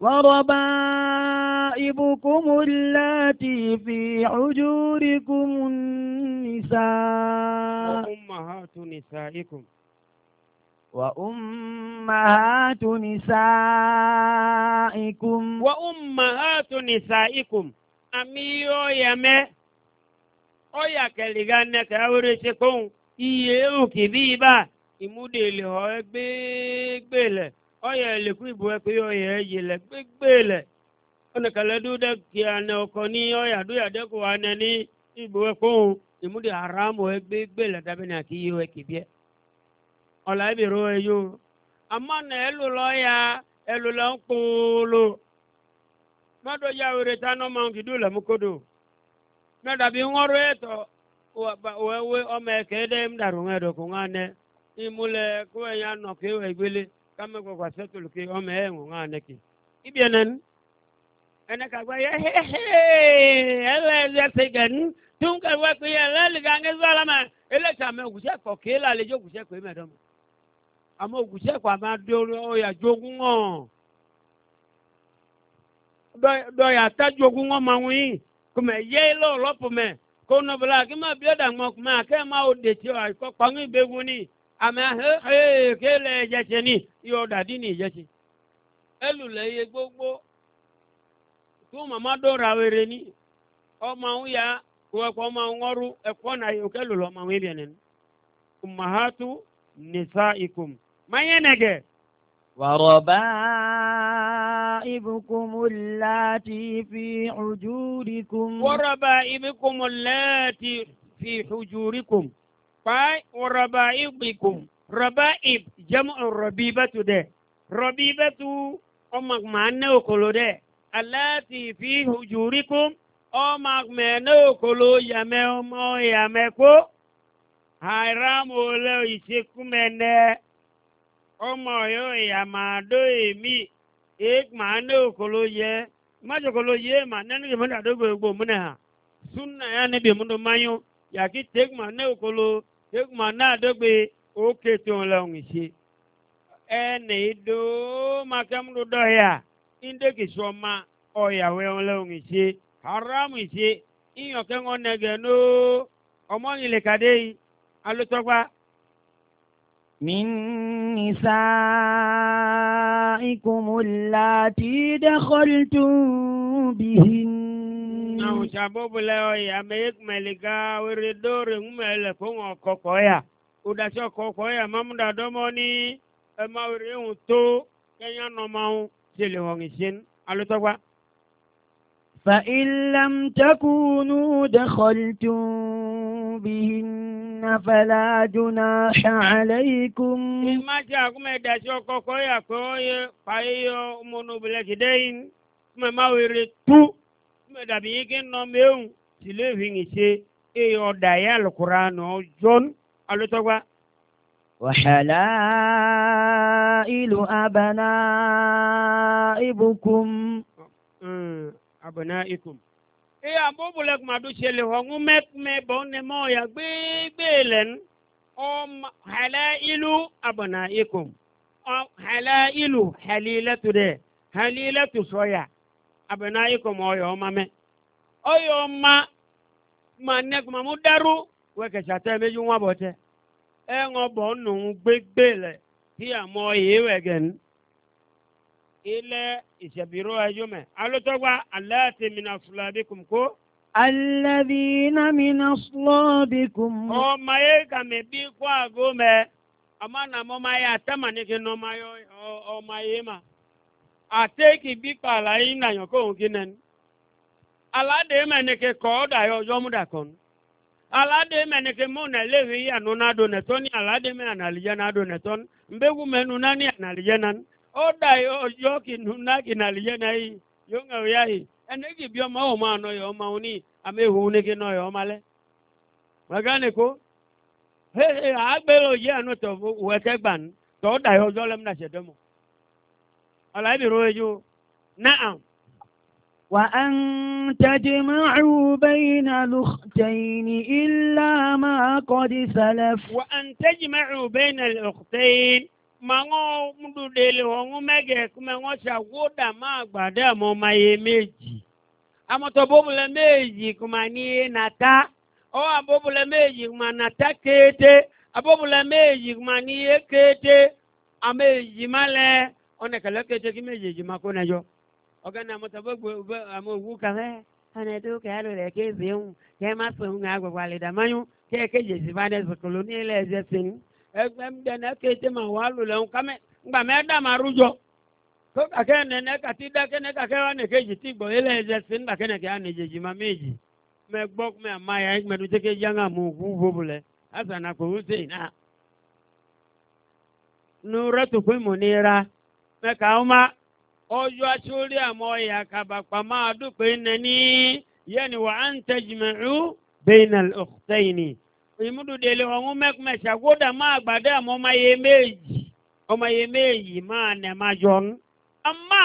Speaker 2: وربائبكم اللاتي في حجوركم النساء
Speaker 1: وأمهات نسائكم وأمهات
Speaker 2: نسائكم وأمهات نسائكم
Speaker 1: أميو يمي أويا كالغانة كأوريسكم إيهو كذيبا إمودي لهو بيك بيلي oyɛ liku ibu ɛkò yɛ oyɛ yi lɛ gbégbé lɛ ɔnà kalẹ du dɛ kia nɛ ɔkɔ ní ɔyɛ adu yàdé kò wà nɛ ní ibu ɛkò ŋu ìmú di aramu yɛ e gbégbé lɛ dabi ní aki yi wɛ e kibiɛ ɔlà ebi ro yɛ e yó ama nà ɛlu lɛ ɔyà ɛlu lɛ ŋkpolo mɛdò ya wéré ta nà ɔmà ŋkidu lɛ mu kodo mɛ dabi ŋɔrò yɛ tɔ wɛwɛ ɔmɛ kɛ dɛ ŋdaru ŋɛ dɔ kò ŋa nɛ imu lɛ kó � kama kwa kwa setu luki ome e ngunga neki ibi anan ene kagwa ya he he ele ya tegen tun kagwa ku ya lali gange zala ma ele chame ugushe ko kila lejo ugushe ko ime domo ama ugushe ko ama doro o ya jogun o do ya ta jogun o ma wi kuma ye lo lopo me ko no kima ki ma bioda ngok ma ke ma o de ti o ko pangi begun ni àmì kéèlè ìjẹsẹ̀ ni yóò dàdí ní ìjẹsẹ̀ ẹlùlẹ̀ iye gbogbo tún màmá dọ̀rọ̀ àwẹ̀rẹ̀ ni ọmọ àwọn ya ẹ̀kọ́ ọmọ àwọn ọrú ẹ̀kọ́ náà yóò kẹ́lù lọ ọmọ àwọn ẹ̀bẹ̀ nínú umahatu nisa ikum mayẹ́nẹ̀gẹ̀.
Speaker 2: wàrọ̀bá ibùkún fi ojúrikùn. wàrọ̀bá
Speaker 1: ibùkún fi ojúrikùn pai rọba ibikun rọba ib jẹmu rọbi bẹtu dẹ rọbi bẹtu ọmọ màá ní okòló dẹ aláàtì fi hujúrí kún ọmọ mẹ ní okòló yàmẹ ọmọ yàmẹ kó haram olè ìṣekúmẹ nẹ ọmọ yóò yàmà dó èmi èèkùmá ní okòló yẹ májòkòló yẹ mà nínú ìmúdàdógbò gbòmùnà sunna ya níbi ìmúdó máyún yàkí tẹ́gùmà náà òkolo tẹ́gùmà náà dọ́gbe ó kéto ńlá òun ṣe. ẹnì ìdó makẹ́múdó dọ́yà ndékì ma, ọ̀yàwé ńlá òun ṣe haramu ṣe ìyàn kẹ́ńgọ́ nẹ̀gẹ̀ nó ọmọ ìlẹ̀ kàdé yìí alótọ́gbà.
Speaker 2: من نسائكم اللاتي دخلتم بهن
Speaker 1: na uchabobu mm. leo yameikmelika wiridori ngumele kungo kokoya udasio kokoya mamuda domoni emawiri to kenya nomau silihongishin alutogwa
Speaker 2: فإن لم تكونوا دخلتم بهن فلا جناح عليكم
Speaker 1: ما جاكم داشو كوكويا كوي فايو منو بلاجدين ما ما ويرتو kume dabi yike no mewu tile vingi se e yo daya alqur'ano jon alotogba
Speaker 2: وحلائل أبنائكم
Speaker 1: أبنائكم ee abubu lɛ kuma do sele hɔ ŋu mɛkumɛ bɔn ne mɔ ya gbɛgbɛɛ lɛn ɔ hɛlɛ ilu abana ikum ɔ hɛlɛ ilu hɛli lɛ tu dɛ hɛli lɛ tu sɔya abenayikom oyo omame oyo ma ma, manek mamu daru wekesa te meju nwa bote eŋo bo nnu gbegbele hiya mo e yiwegen ile isebiro ejume alotogba alati min afulabikum
Speaker 2: ko alladhina min aslabikum o
Speaker 1: maye kame bi kwa gome amana mo maya tamani ma mayo o maye ma ateki bikpa ala yi na yɔn kóhun kí ala de mɛ neke kɔɔ da yɔ yɔmu da kɔn ala de mɛ neke mo na lewi yanu na do nɛtɔni ala de mɛ analijɛ na do nɛtɔni nbegu mɛ nuna ni analijɛ na o da yɔ yɔ ki nuna ki analijɛ na yi yɔnkɛ o ya yi ɛnɛki bi ɔma o ma nɔ yɔ ma o ni ame hu neke nɔ yɔ ma lɛ wagane ko hehe agbelo yi anu tɔ wɛtɛ gban tɔ da yɔ zɔlɛm na sɛ dɛmɔ. ọ̀làbìrún ojú náà.
Speaker 2: وأن تجمعوا بين الأختين إلا ما قد سلف
Speaker 1: وأن تجمعوا بين الأختين ma wọn múdùdé lè wọn mẹgẹ kúmẹ wọn ṣàwódà má gbàdá mọ
Speaker 2: ma ye méjì
Speaker 1: amọtọ bóbulẹ méjì kúmà ní ye nàta ọ abóbulẹ méjì kúmà nàta kété abóbulẹ méjì kúmà ní ye kété àméjì má lẹ. one kala kete ki mejeji makona jo oga na motabo gbe amo wu kale ana do ka ro re ke zeun ke ma so hun agwa wale da mayu ke ke je si ba de na koloni le eze sin egbem de na kete ma wa lu le ka kame ngba me da ma rujo ko ka ke ne ne ka ti da ke ne ka ke wa ne ke ji ti gbo ile eze sin ba ke ne ke ana jeji ma meji me gbok me ma ya me do te ke janga mu gu bobule asa na ko use na nuratu ko mo ni ra mekauma ojú asúrí àmọ́ ìyá kàbàpà máa dúpẹ́ nani yẹni wà á ń tẹjìmẹ̀rú bẹ́ẹ̀nà ọ̀tẹ́yìnì. ìmúdùdélé ọ̀hún mẹ́kùmẹ́sà gbọ́dà máa gbàdé àmọ́ ọmọ yẹn méjì ọmọ yẹn méjì máa nẹ̀ máa jọ ń. àmà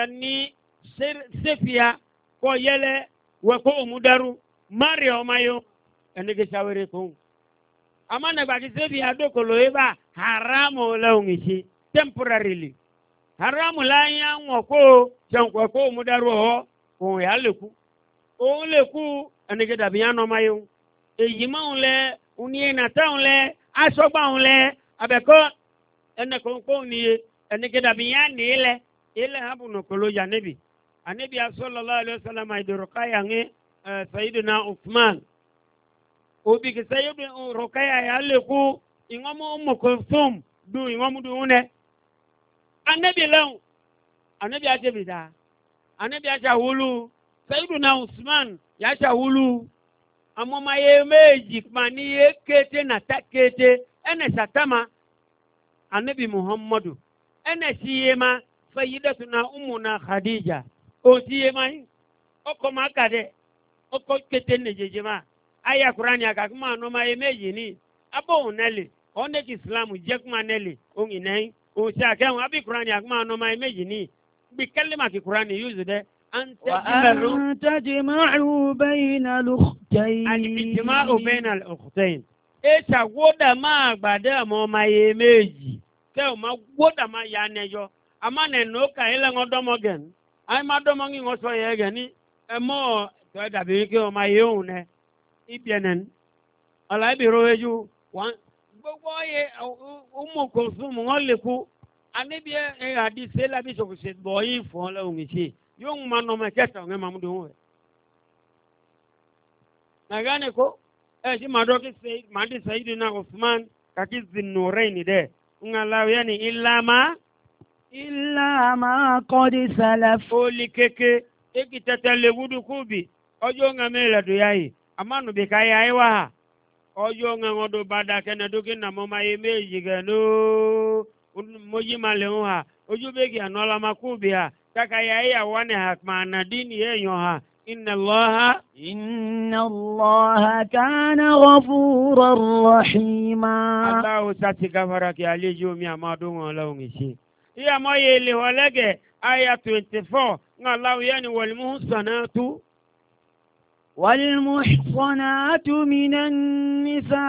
Speaker 1: ẹni sẹ́fìyà kọ yẹlẹ wẹ̀kọ́ òmùdárú mari ọmọ yẹn ẹni kí sáwéré tó. àmà nàgbàkí sẹ́fìyà dókòló yẹ bá haramu lẹ́wọ̀n ìṣe. temporarily haramu láyé àwọn ọ̀pọ̀ ṣẹ̀ǹkọ̀ ọ̀pọ̀ òmùdarú ọ̀họ́ òun ìyá lè kú òun lè kú ẹnìkẹ́ dàbí yánà ọmọ yẹn èyí máa ń lẹ òní ẹ̀nà táwọn lẹ aṣọ́gbà ń lẹ abẹ́kọ́ ẹnìkọ̀ọ̀kọ̀ nìyẹ ẹnìkẹ́ dàbí ìwọ́n fún ìwọ́n anabi lẹ́hùn anabi ajẹ́bìdá anabi aṣàwúlú na usman yàṣàwúlú amọ́mayé méjì mà ní yé kété nàta kété ẹnẹ sàtàmà anabi muhammadu ẹnẹ síyéma fẹyídẹ́tùnà umuna khadija ó síyéma yìí ọkọ̀ máa kà dẹ́ ọkọ̀ kété nìjẹjẹ máa ayé akurani akakuma anọ́mayé méjì ni abóhùn nẹ́lẹ̀ ọ̀nẹ́kì islam jẹ́kuma nẹ́lẹ̀ òhìn nẹ́yìn. usha kan abi qur'ani akma no mai meji ni bi kalima ki qur'ani yuzu de an
Speaker 2: tajma'u bayna al-ukhtayn al ijma'u bayna
Speaker 1: al-ukhtayn e ta goda ma gbade mo mai meji ke o ma goda ma ya ne yo ama ne no ka ile ngodo mo gen ai ma do mo ngi ngoso ye gen gbogbo ye umu kòsùmù wọn lè ku anibi àdìsẹ́ labi sọ̀kùsẹ̀ bọ̀ yìí fún ọ lẹ́wọ̀n ìṣe yóò ń ma nọmọ kẹta ọ̀gẹ́ mamudu wọn rẹ̀. nàgánì kó ẹ ṣì máa dọ́kí ṣe máa dì sẹ́yìdì náà usman kàkí
Speaker 2: zinu rẹ̀ ní dẹ́
Speaker 1: ń aláwọ̀ ni ìlàmà.
Speaker 2: ìlàmà kọ́dí sálẹ̀. fólì kéke
Speaker 1: ekitẹ́tẹ́ lè wúdú kúbi ọjọ́ ń gàmé ìlẹ̀dùn yá yìí àmọ́ ànùbíkà wá ọjọ́ ŋa do bada kɛnɛ do ke namɔ ma ye me yigɛ noo moji ma le ŋu ha ojú bɛ kì anɔlama kú bi ha kaka ya ye ya wani ha kuma anadini ye nyɔ ha inna lɔha. inna
Speaker 2: lɔha kana ɣafura rahima. alahu
Speaker 1: sati gafara kì alejo mi a ma do ŋɔ la o ŋi se. iye a ma ye lehɔ lɛgɛ aya twenty four ŋa alahu yanni
Speaker 2: walimuhu sanatu. والمحصنات من النساء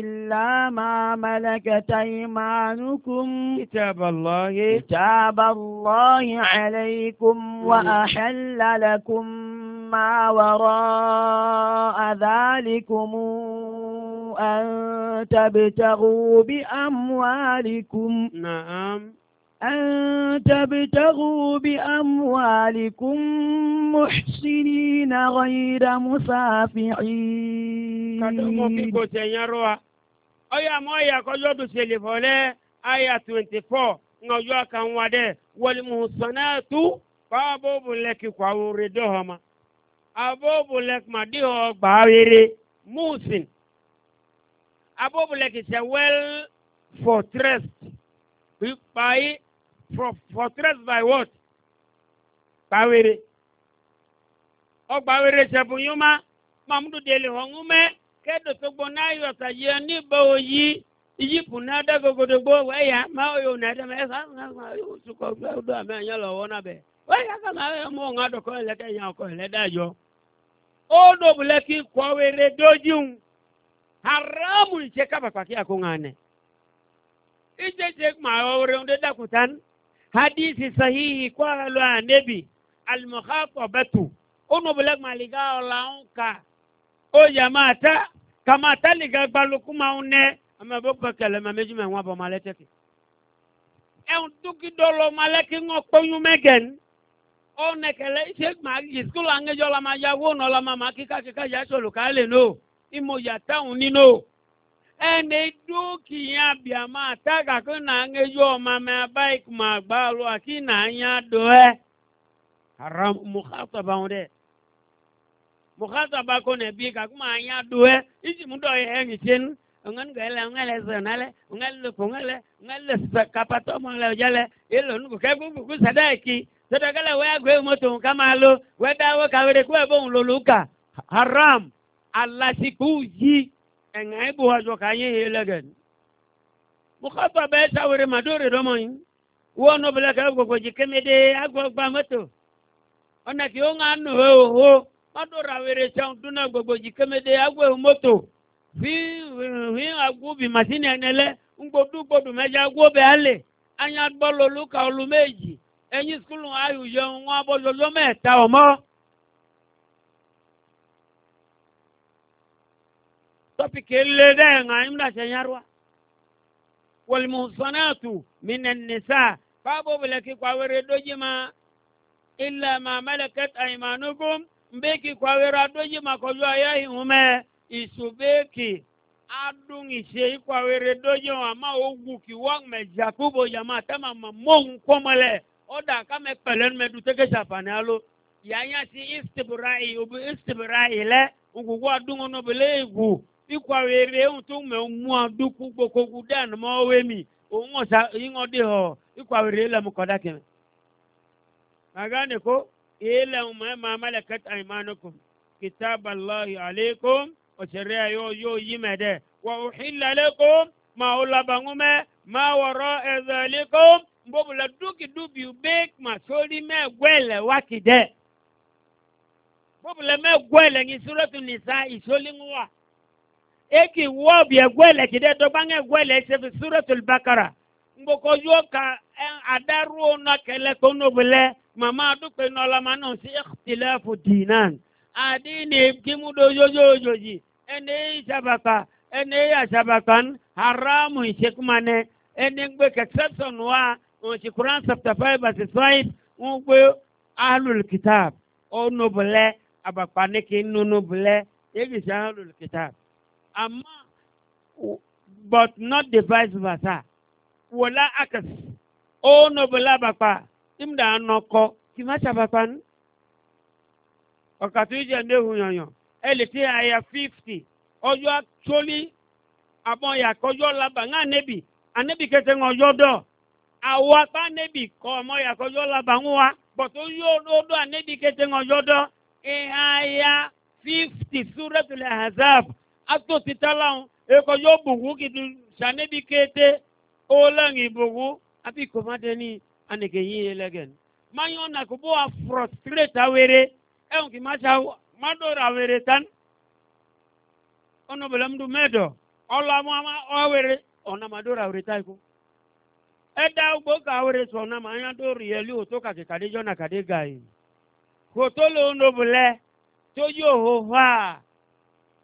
Speaker 2: إلا ما ملكت أيمانكم كتاب الله كتاب الله عليكم وأحل لكم ما وراء ذلكم أن تبتغوا بأموالكم نعم أن تبتغوا بأموالكم محسنين غير مسافحين kàdọ́mọ́ kíkò
Speaker 1: tẹ̀yán rọ wa ọyọ àmọ́ ọyọ àkọ́jọ́ tó ṣe lè fọ́lẹ́ àyà twenty four ń ọjọ́ kan wá dẹ́ wọlímùsánátù fábọ́ọ̀bù lẹ́kìkọ́ àwòrán dọ́họ́mà àbọ́ọ̀bù lẹ́kìmàdìhọ́ gbàwéré mùsìn àbọ́ọ̀bù lẹ́kìsẹ̀ well for trust pípa yìí frustrated by what? Gbàwèrè. Ọgbàwèrè ṣẹ̀bùn yóò má Mahmudu Dèlè ọ̀hún mẹ́ kẹ́dọ̀ tó gbọ́n náà yọ̀ ṣàyẹ̀ níbo yí ìyípù náà dẹ́gbogbogbò wẹ́yà máa yọ̀ náà dẹ́mẹ́ ẹ̀ sáà máa yọ̀ sùkọ̀ gbẹ́dọ̀ àmì ẹ̀yán lọ́wọ́ náà bẹ̀. Wẹ́yà kàmá ẹ̀ mọ̀ ọ̀hún adọ̀kọ̀ ẹ̀lẹ́kẹ̀ yẹn ọkọ̀ ẹ̀lẹ́dàjọ́. Ó ki kí kọ̀wéré dójúùn. Haramu ìṣe kábàpàkí àkóńgà nẹ̀. Ìṣe ṣe máa ọ̀rẹ́ ọ̀dẹ́dàkùtàn hadisi sahihi kwa halo anebi almukhatabatu ono bulag maliga olaunka o jamata kama taliga gbalukuma une ama bokko e kele ma meju me wa bo maleteke e un tuki dolo maleki ngo koyu megen o nekele sheik magi school angejo la ma yawo no la ma makika kika ya solo kale no imo ya taun ni no eneduki ya na ngeju ọmama baik ma gbalụ aki na a doe haram mukhataba nwere mukhataba ko na anya doe iji mu doye hengi chin ngan gele ngele zonale ngele kungele ngele kapato mangele jale ilo nuku kebu buku sadaki sadakala wea gwe moto kamalo weda weka wede ẹ̀ngà ìbò bụ kàáyé yìí lẹ́gẹ̀d bùkọ́pà bẹ́ẹ̀ sáwèrè màdóòrè lọ́mọ yìí wọ́n nọ bẹ̀rẹ̀ kẹ́lẹ́ gbogbo jì kémédé agbọ́gba mọ́tò ọ̀nà kí ó ń hàn nù hóhó mọ́tòrà wèrè sẹ́wọ̀n dúnà gbogbo jì kémédé fi agbóbi anya gbọ́ enyi olùméjì ẹ̀yìn skul ayùyẹ̀ wọn topic ele de nga imla shanyarwa wal muhsanatu minan nisa babo bilaki kwa were dojima illa ma malakat aymanukum mbeki kwa were dojima ko yo isubeki adung ise kwa were dojima ma ogu ki wa me jakubo jama tama mamon komale oda kame pelen me duteke japane alo yanya si istibrai ubu istibrai le ugu wa dungo no bele ikwa were to ume mmụọ dukwu gbokogwu dan ma owe mi onwosa ịṅụ dị họ ikwa were ele m kọda kene magane ko ele ma ma malakat aymanukum kitab allah alaikum wa sharia yo yo yimede wa uhilla lakum ma ulabangume ma wara zalikum mbobula duki dubi ubek ma sori me gwele wakide mbobula me gwele ngi suratu nisa isolinwa eki wɔbi egwele ki de dɔgbaŋ egwele sefi suratul bakara ngboko yo ka eh, adaruo na kele ko nobile mama adukpe nɔlama no si ikhtilafu dinan adini kimu do yoyoyoyi ene isabaka ene asabakan haramu isekumane ene gbe exception wa onse quran chapter five verse five ŋun gbe ahlul kitab o nobile abakpaneke nonobile eki se ahlul kitab amma but not the vice versa wala akas o no bala bakpa imda anoko kimacha bakpa ni ọkàtú ìjẹ ndé hu yànyàn ẹ lè ti àyà fífì ọjọ àtúlí àbọn yàkọjọ làbà ńà nẹbi ànẹbi kẹtẹ ń ọjọ dọ àwọ apá nẹbi kọ ọmọ yàkọjọ làbà ń wa bọtú yóò dọdọ ànẹbi kẹtẹ ń ọjọ dọ ìhàyà fífì súrẹtùlẹ hazab atto titalan eko yo bugu kidu sane bi kete olangi bugu abi ko madeni anike yi elegen mayo na ko bo frustrate awere en ki ma sa madora awere tan ono belamdu medo ola mo ama awere ona madora awere tai ko ẹdá gbóga awere sọ ọ̀nà màá yá dórí ẹlú òtó kàkì kàdé jọ́nà kàdé gàì kò tó lóun lóbulẹ̀ tó yóò hó há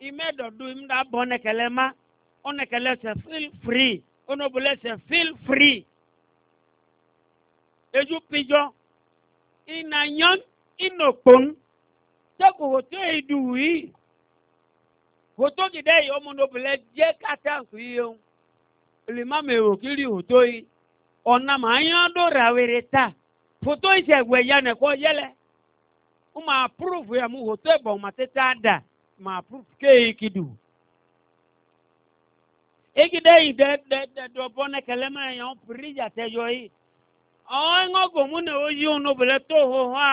Speaker 1: imedodu imda bo nekele ma onekele se feel free onobole se feel free eju pijo inanyon inokpon teko hoto eduwi hoto gide yi omonobole je kata nkuyiyo limama ewo kiri hoto yi ọ̀nà màá yán dó ràwèrè ta foto ìṣẹ̀gbẹ̀ yanẹ̀kọ́ yẹlẹ̀ ó máa púrúfù ẹ̀ mú hoto ìbọn màtẹ́tẹ́ á dà. ma proof ke ikidu e igide e ide de de do bone kelema e yan ya te yo yi o ngo go mu ne o yi unu bele to ho ha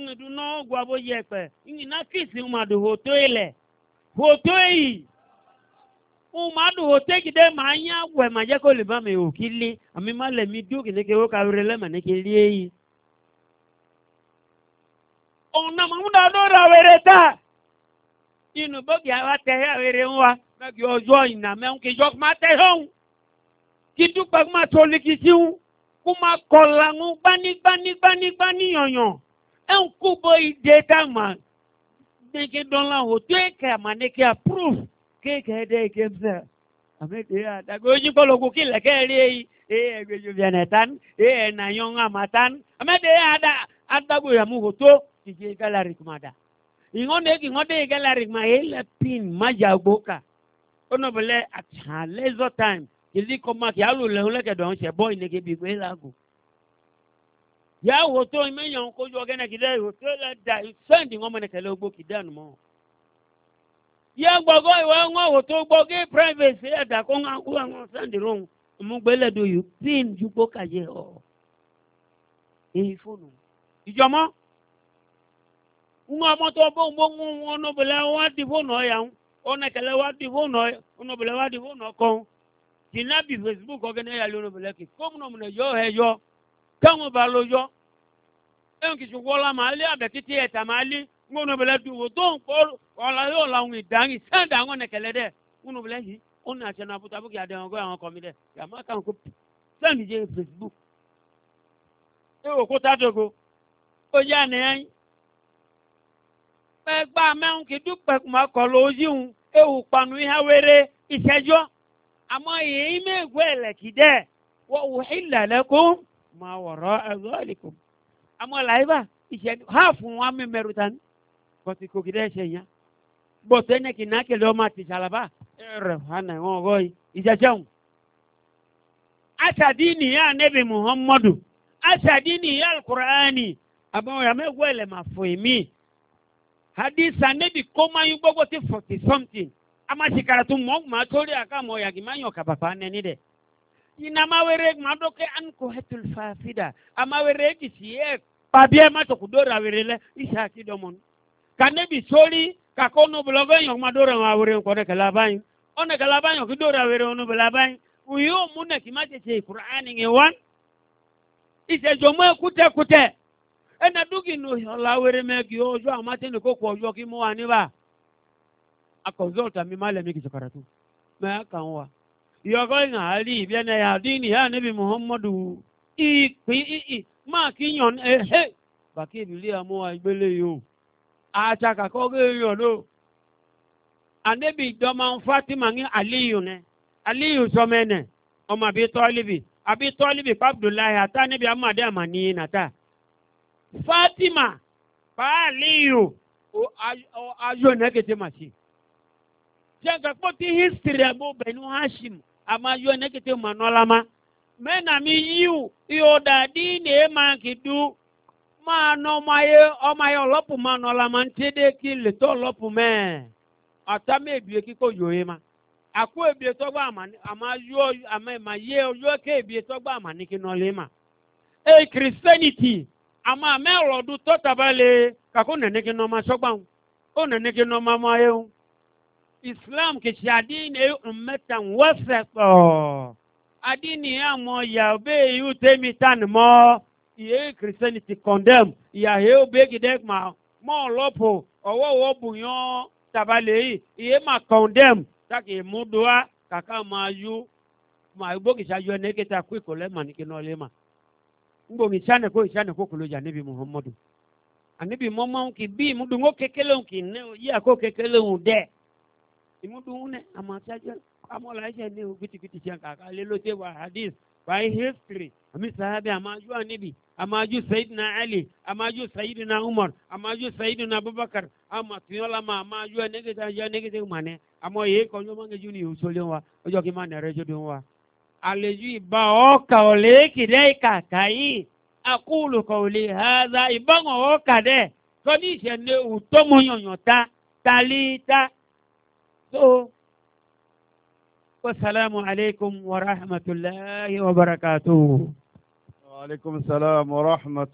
Speaker 1: ngi du no gwa bo ye pe ngi na kisi ma do ho to ile ho to yi o ma do ho te gide ma nya we ma je ko le ba mi o kili ami ma le mi du kini ke o ka re le ma ne kili yi ona ma mu da do ra were ta inu bóbi àwa tẹ ẹ rere ń wa mẹ́kì ọjọ́ ìnà mẹ́hún kì í jọ kó máa tẹ hàn kí dúpẹ́ kó máa tó liki sí ń kó máa kọ̀la ń gbanigbanigbanigbani yànyàn ẹ̀ ń kú bó ìdè dàgbà neke dɔnla o tó eke ama neke approve keke ɛdɛ eke msɛ ame de ya dako onyi kɔlɔ ko ki lɛkɛ ri eyi eye egbedzo vianɛ tan eye ɛna nyɔŋa ma tan ame de ya ada adago yamu o tó titi kala ri kuma da ing'onde ing'onde igelari maele pin majagoka ono bele atcha lezo time kidi koma ki alu le hule ke don che boy ne ke bi gbe lagu ya wo to imeyan ko jo gene kide wo to la da send ngomo ne ke lo kidan mo ya gbogo iwa ngo wo to gbo ge privacy e da ko nga ku ngo send room mu gbe do you pin ju ko kaje o e phone ijomo ŋa mɔtɔ bo bo ŋu ɔnɔbɛlɛ wa di bo nɔ ya ŋu ɔnɛkɛlɛ wa di bo nɔ ɔnɔbɛlɛ wa di bo nɔ kɔn tina bi facebook ɔgɛnɛ yali ɔnɔbɛlɛ ke kɔmunɔ mun yɔ hɛ yɔ kɛŋu ba lo yɔ ɛn kisi wɔla ma ali abɛ titi ɛta e ma ali ŋa ɔnɔbɛlɛ du o don kɔ ɔla yɔ la ŋu idangi sɛn da ŋɔ nɛkɛlɛ dɛ ɔnɔbɛlɛ yi ɔnɛ asɛnɛ facebook e wo ko ta dogo kpɛ gba mɛŋ kidu kpɛ kuma kɔlɔ ziw ewu kpanu ihe were isɛjɔ ama yeyi me gu ɛlɛki dɛ wɔ wuhi lalɛ ko ma wɔrɔ ɛzɔli ko ama la yiba isɛ ha fun wa mi mɛru tan bɔti kogi dɛ sɛ nya bɔtɔ ɛnɛ kina kele ɔma tisalaba ɛrɛ hana ŋɔ gɔyi isɛjɛw asadini ya nebi muhammadu asadini ya alukur'ani abawo ya me hadisa nebi komayu gbogbo ti forty something ama sikaratu mɔg ma tori aka mɔ yagi ma yɔ kapapa nɛni dɛ inama were ma dɔ kɛ an ko hetul fasida ama were kisi ye papiye ma tɔku dora were lɛ isa ti dɔ mɔn ka nebi sori ka ko nubulɔ bɛ yɔ ma dora ma were kɔ ne kala ba yin ɔ ne kala ba yɔ ki dora were o nubula ba yin u y'o mun ne k'i ma tete kur'ani ŋe wan isɛ jɔnmɔ ye kutɛ kutɛ. ẹnna dúkì nù ọ̀làwẹ̀rẹ̀ mẹ́kì ọjọ́ àmàtẹ́ni kò kọ̀ ọjọ́ kí mú wa níbà akọ̀zọ́ọ̀tà mi má lẹ́mí kìtì mẹ́ kàn wá. àlì muhammadu ìpín ìhì máa kí yàn ẹ̀hẹ́ bàkí ìbílẹ̀ àmú wa gbélé yìí o àtàkàkọ́ ànẹ́bí fatima ní aliyu nẹ aliyu sọmẹ́nẹ ọmọ àbí àbí tá níbi nàtà. Fatima Baliu. Ajo nege te machi. Janga kwa ti history ya bo benu hashim. Ama ajo nege te manolama. Mena mi yu. Yo dadi ni ema kidu. Mano maye. O maye olopu manolama. Ntede ki leto olopu me. Ata me biye kiko yo ema. Ako ebiye togba ama. Ama ajo. Ama ema ye. Ojo ke ebiye togba ama. Niki nolema. Hey Christianity. Christianity. ama mẹ́rọ̀ ọdún tó taba le kakó nẹ̀nẹ́kẹ́ ní ọmọ sọ́gbàun ó nẹ̀nẹ́kẹ́ ní ọmọ ọmọ ayéhun islam kìsì àdínì mẹ́ta wọ́sẹ̀ pọ̀ àdínì àmọ́ yàgbé yìí tẹ́mi tán mọ́ ìyẹ́ christianity condemn ìyàhẹ́ obégidẹ́ mà mọ́ ọlọ́pọ̀ ọwọ́wọ́ bùyàn taba le yìí ìyẹ́ mà condemn táàkì ìmúdùá kàkà máa yú mà gbókìsì àjọ ẹ̀nẹ́kẹ́ta kú ìkọ̀lẹ́ ngbongi chane ko chane ko kuloja nabi muhammadu anibi momo ki bi mudu ngo kekele ki ne ya ko kekele un de imudu ne amata je amola je ne biti biti chan ka le lo te wa hadith wa history ami sahabi amaju anibi amaju sayyidina ali amaju sayyidina umar amaju sayyidina abubakar ama tiyola ma amaju ne ge ta je ne ge te mane amo ye ko yo mangi juni usole wa ojo ki mane rejo dun wa alejui baoka olekideika kai akulu kauli hadha ibango okade konishe ne utomo nyonyota talita so wassalamu alaikum warahmatullahi wabarakatuhu waalaikum salam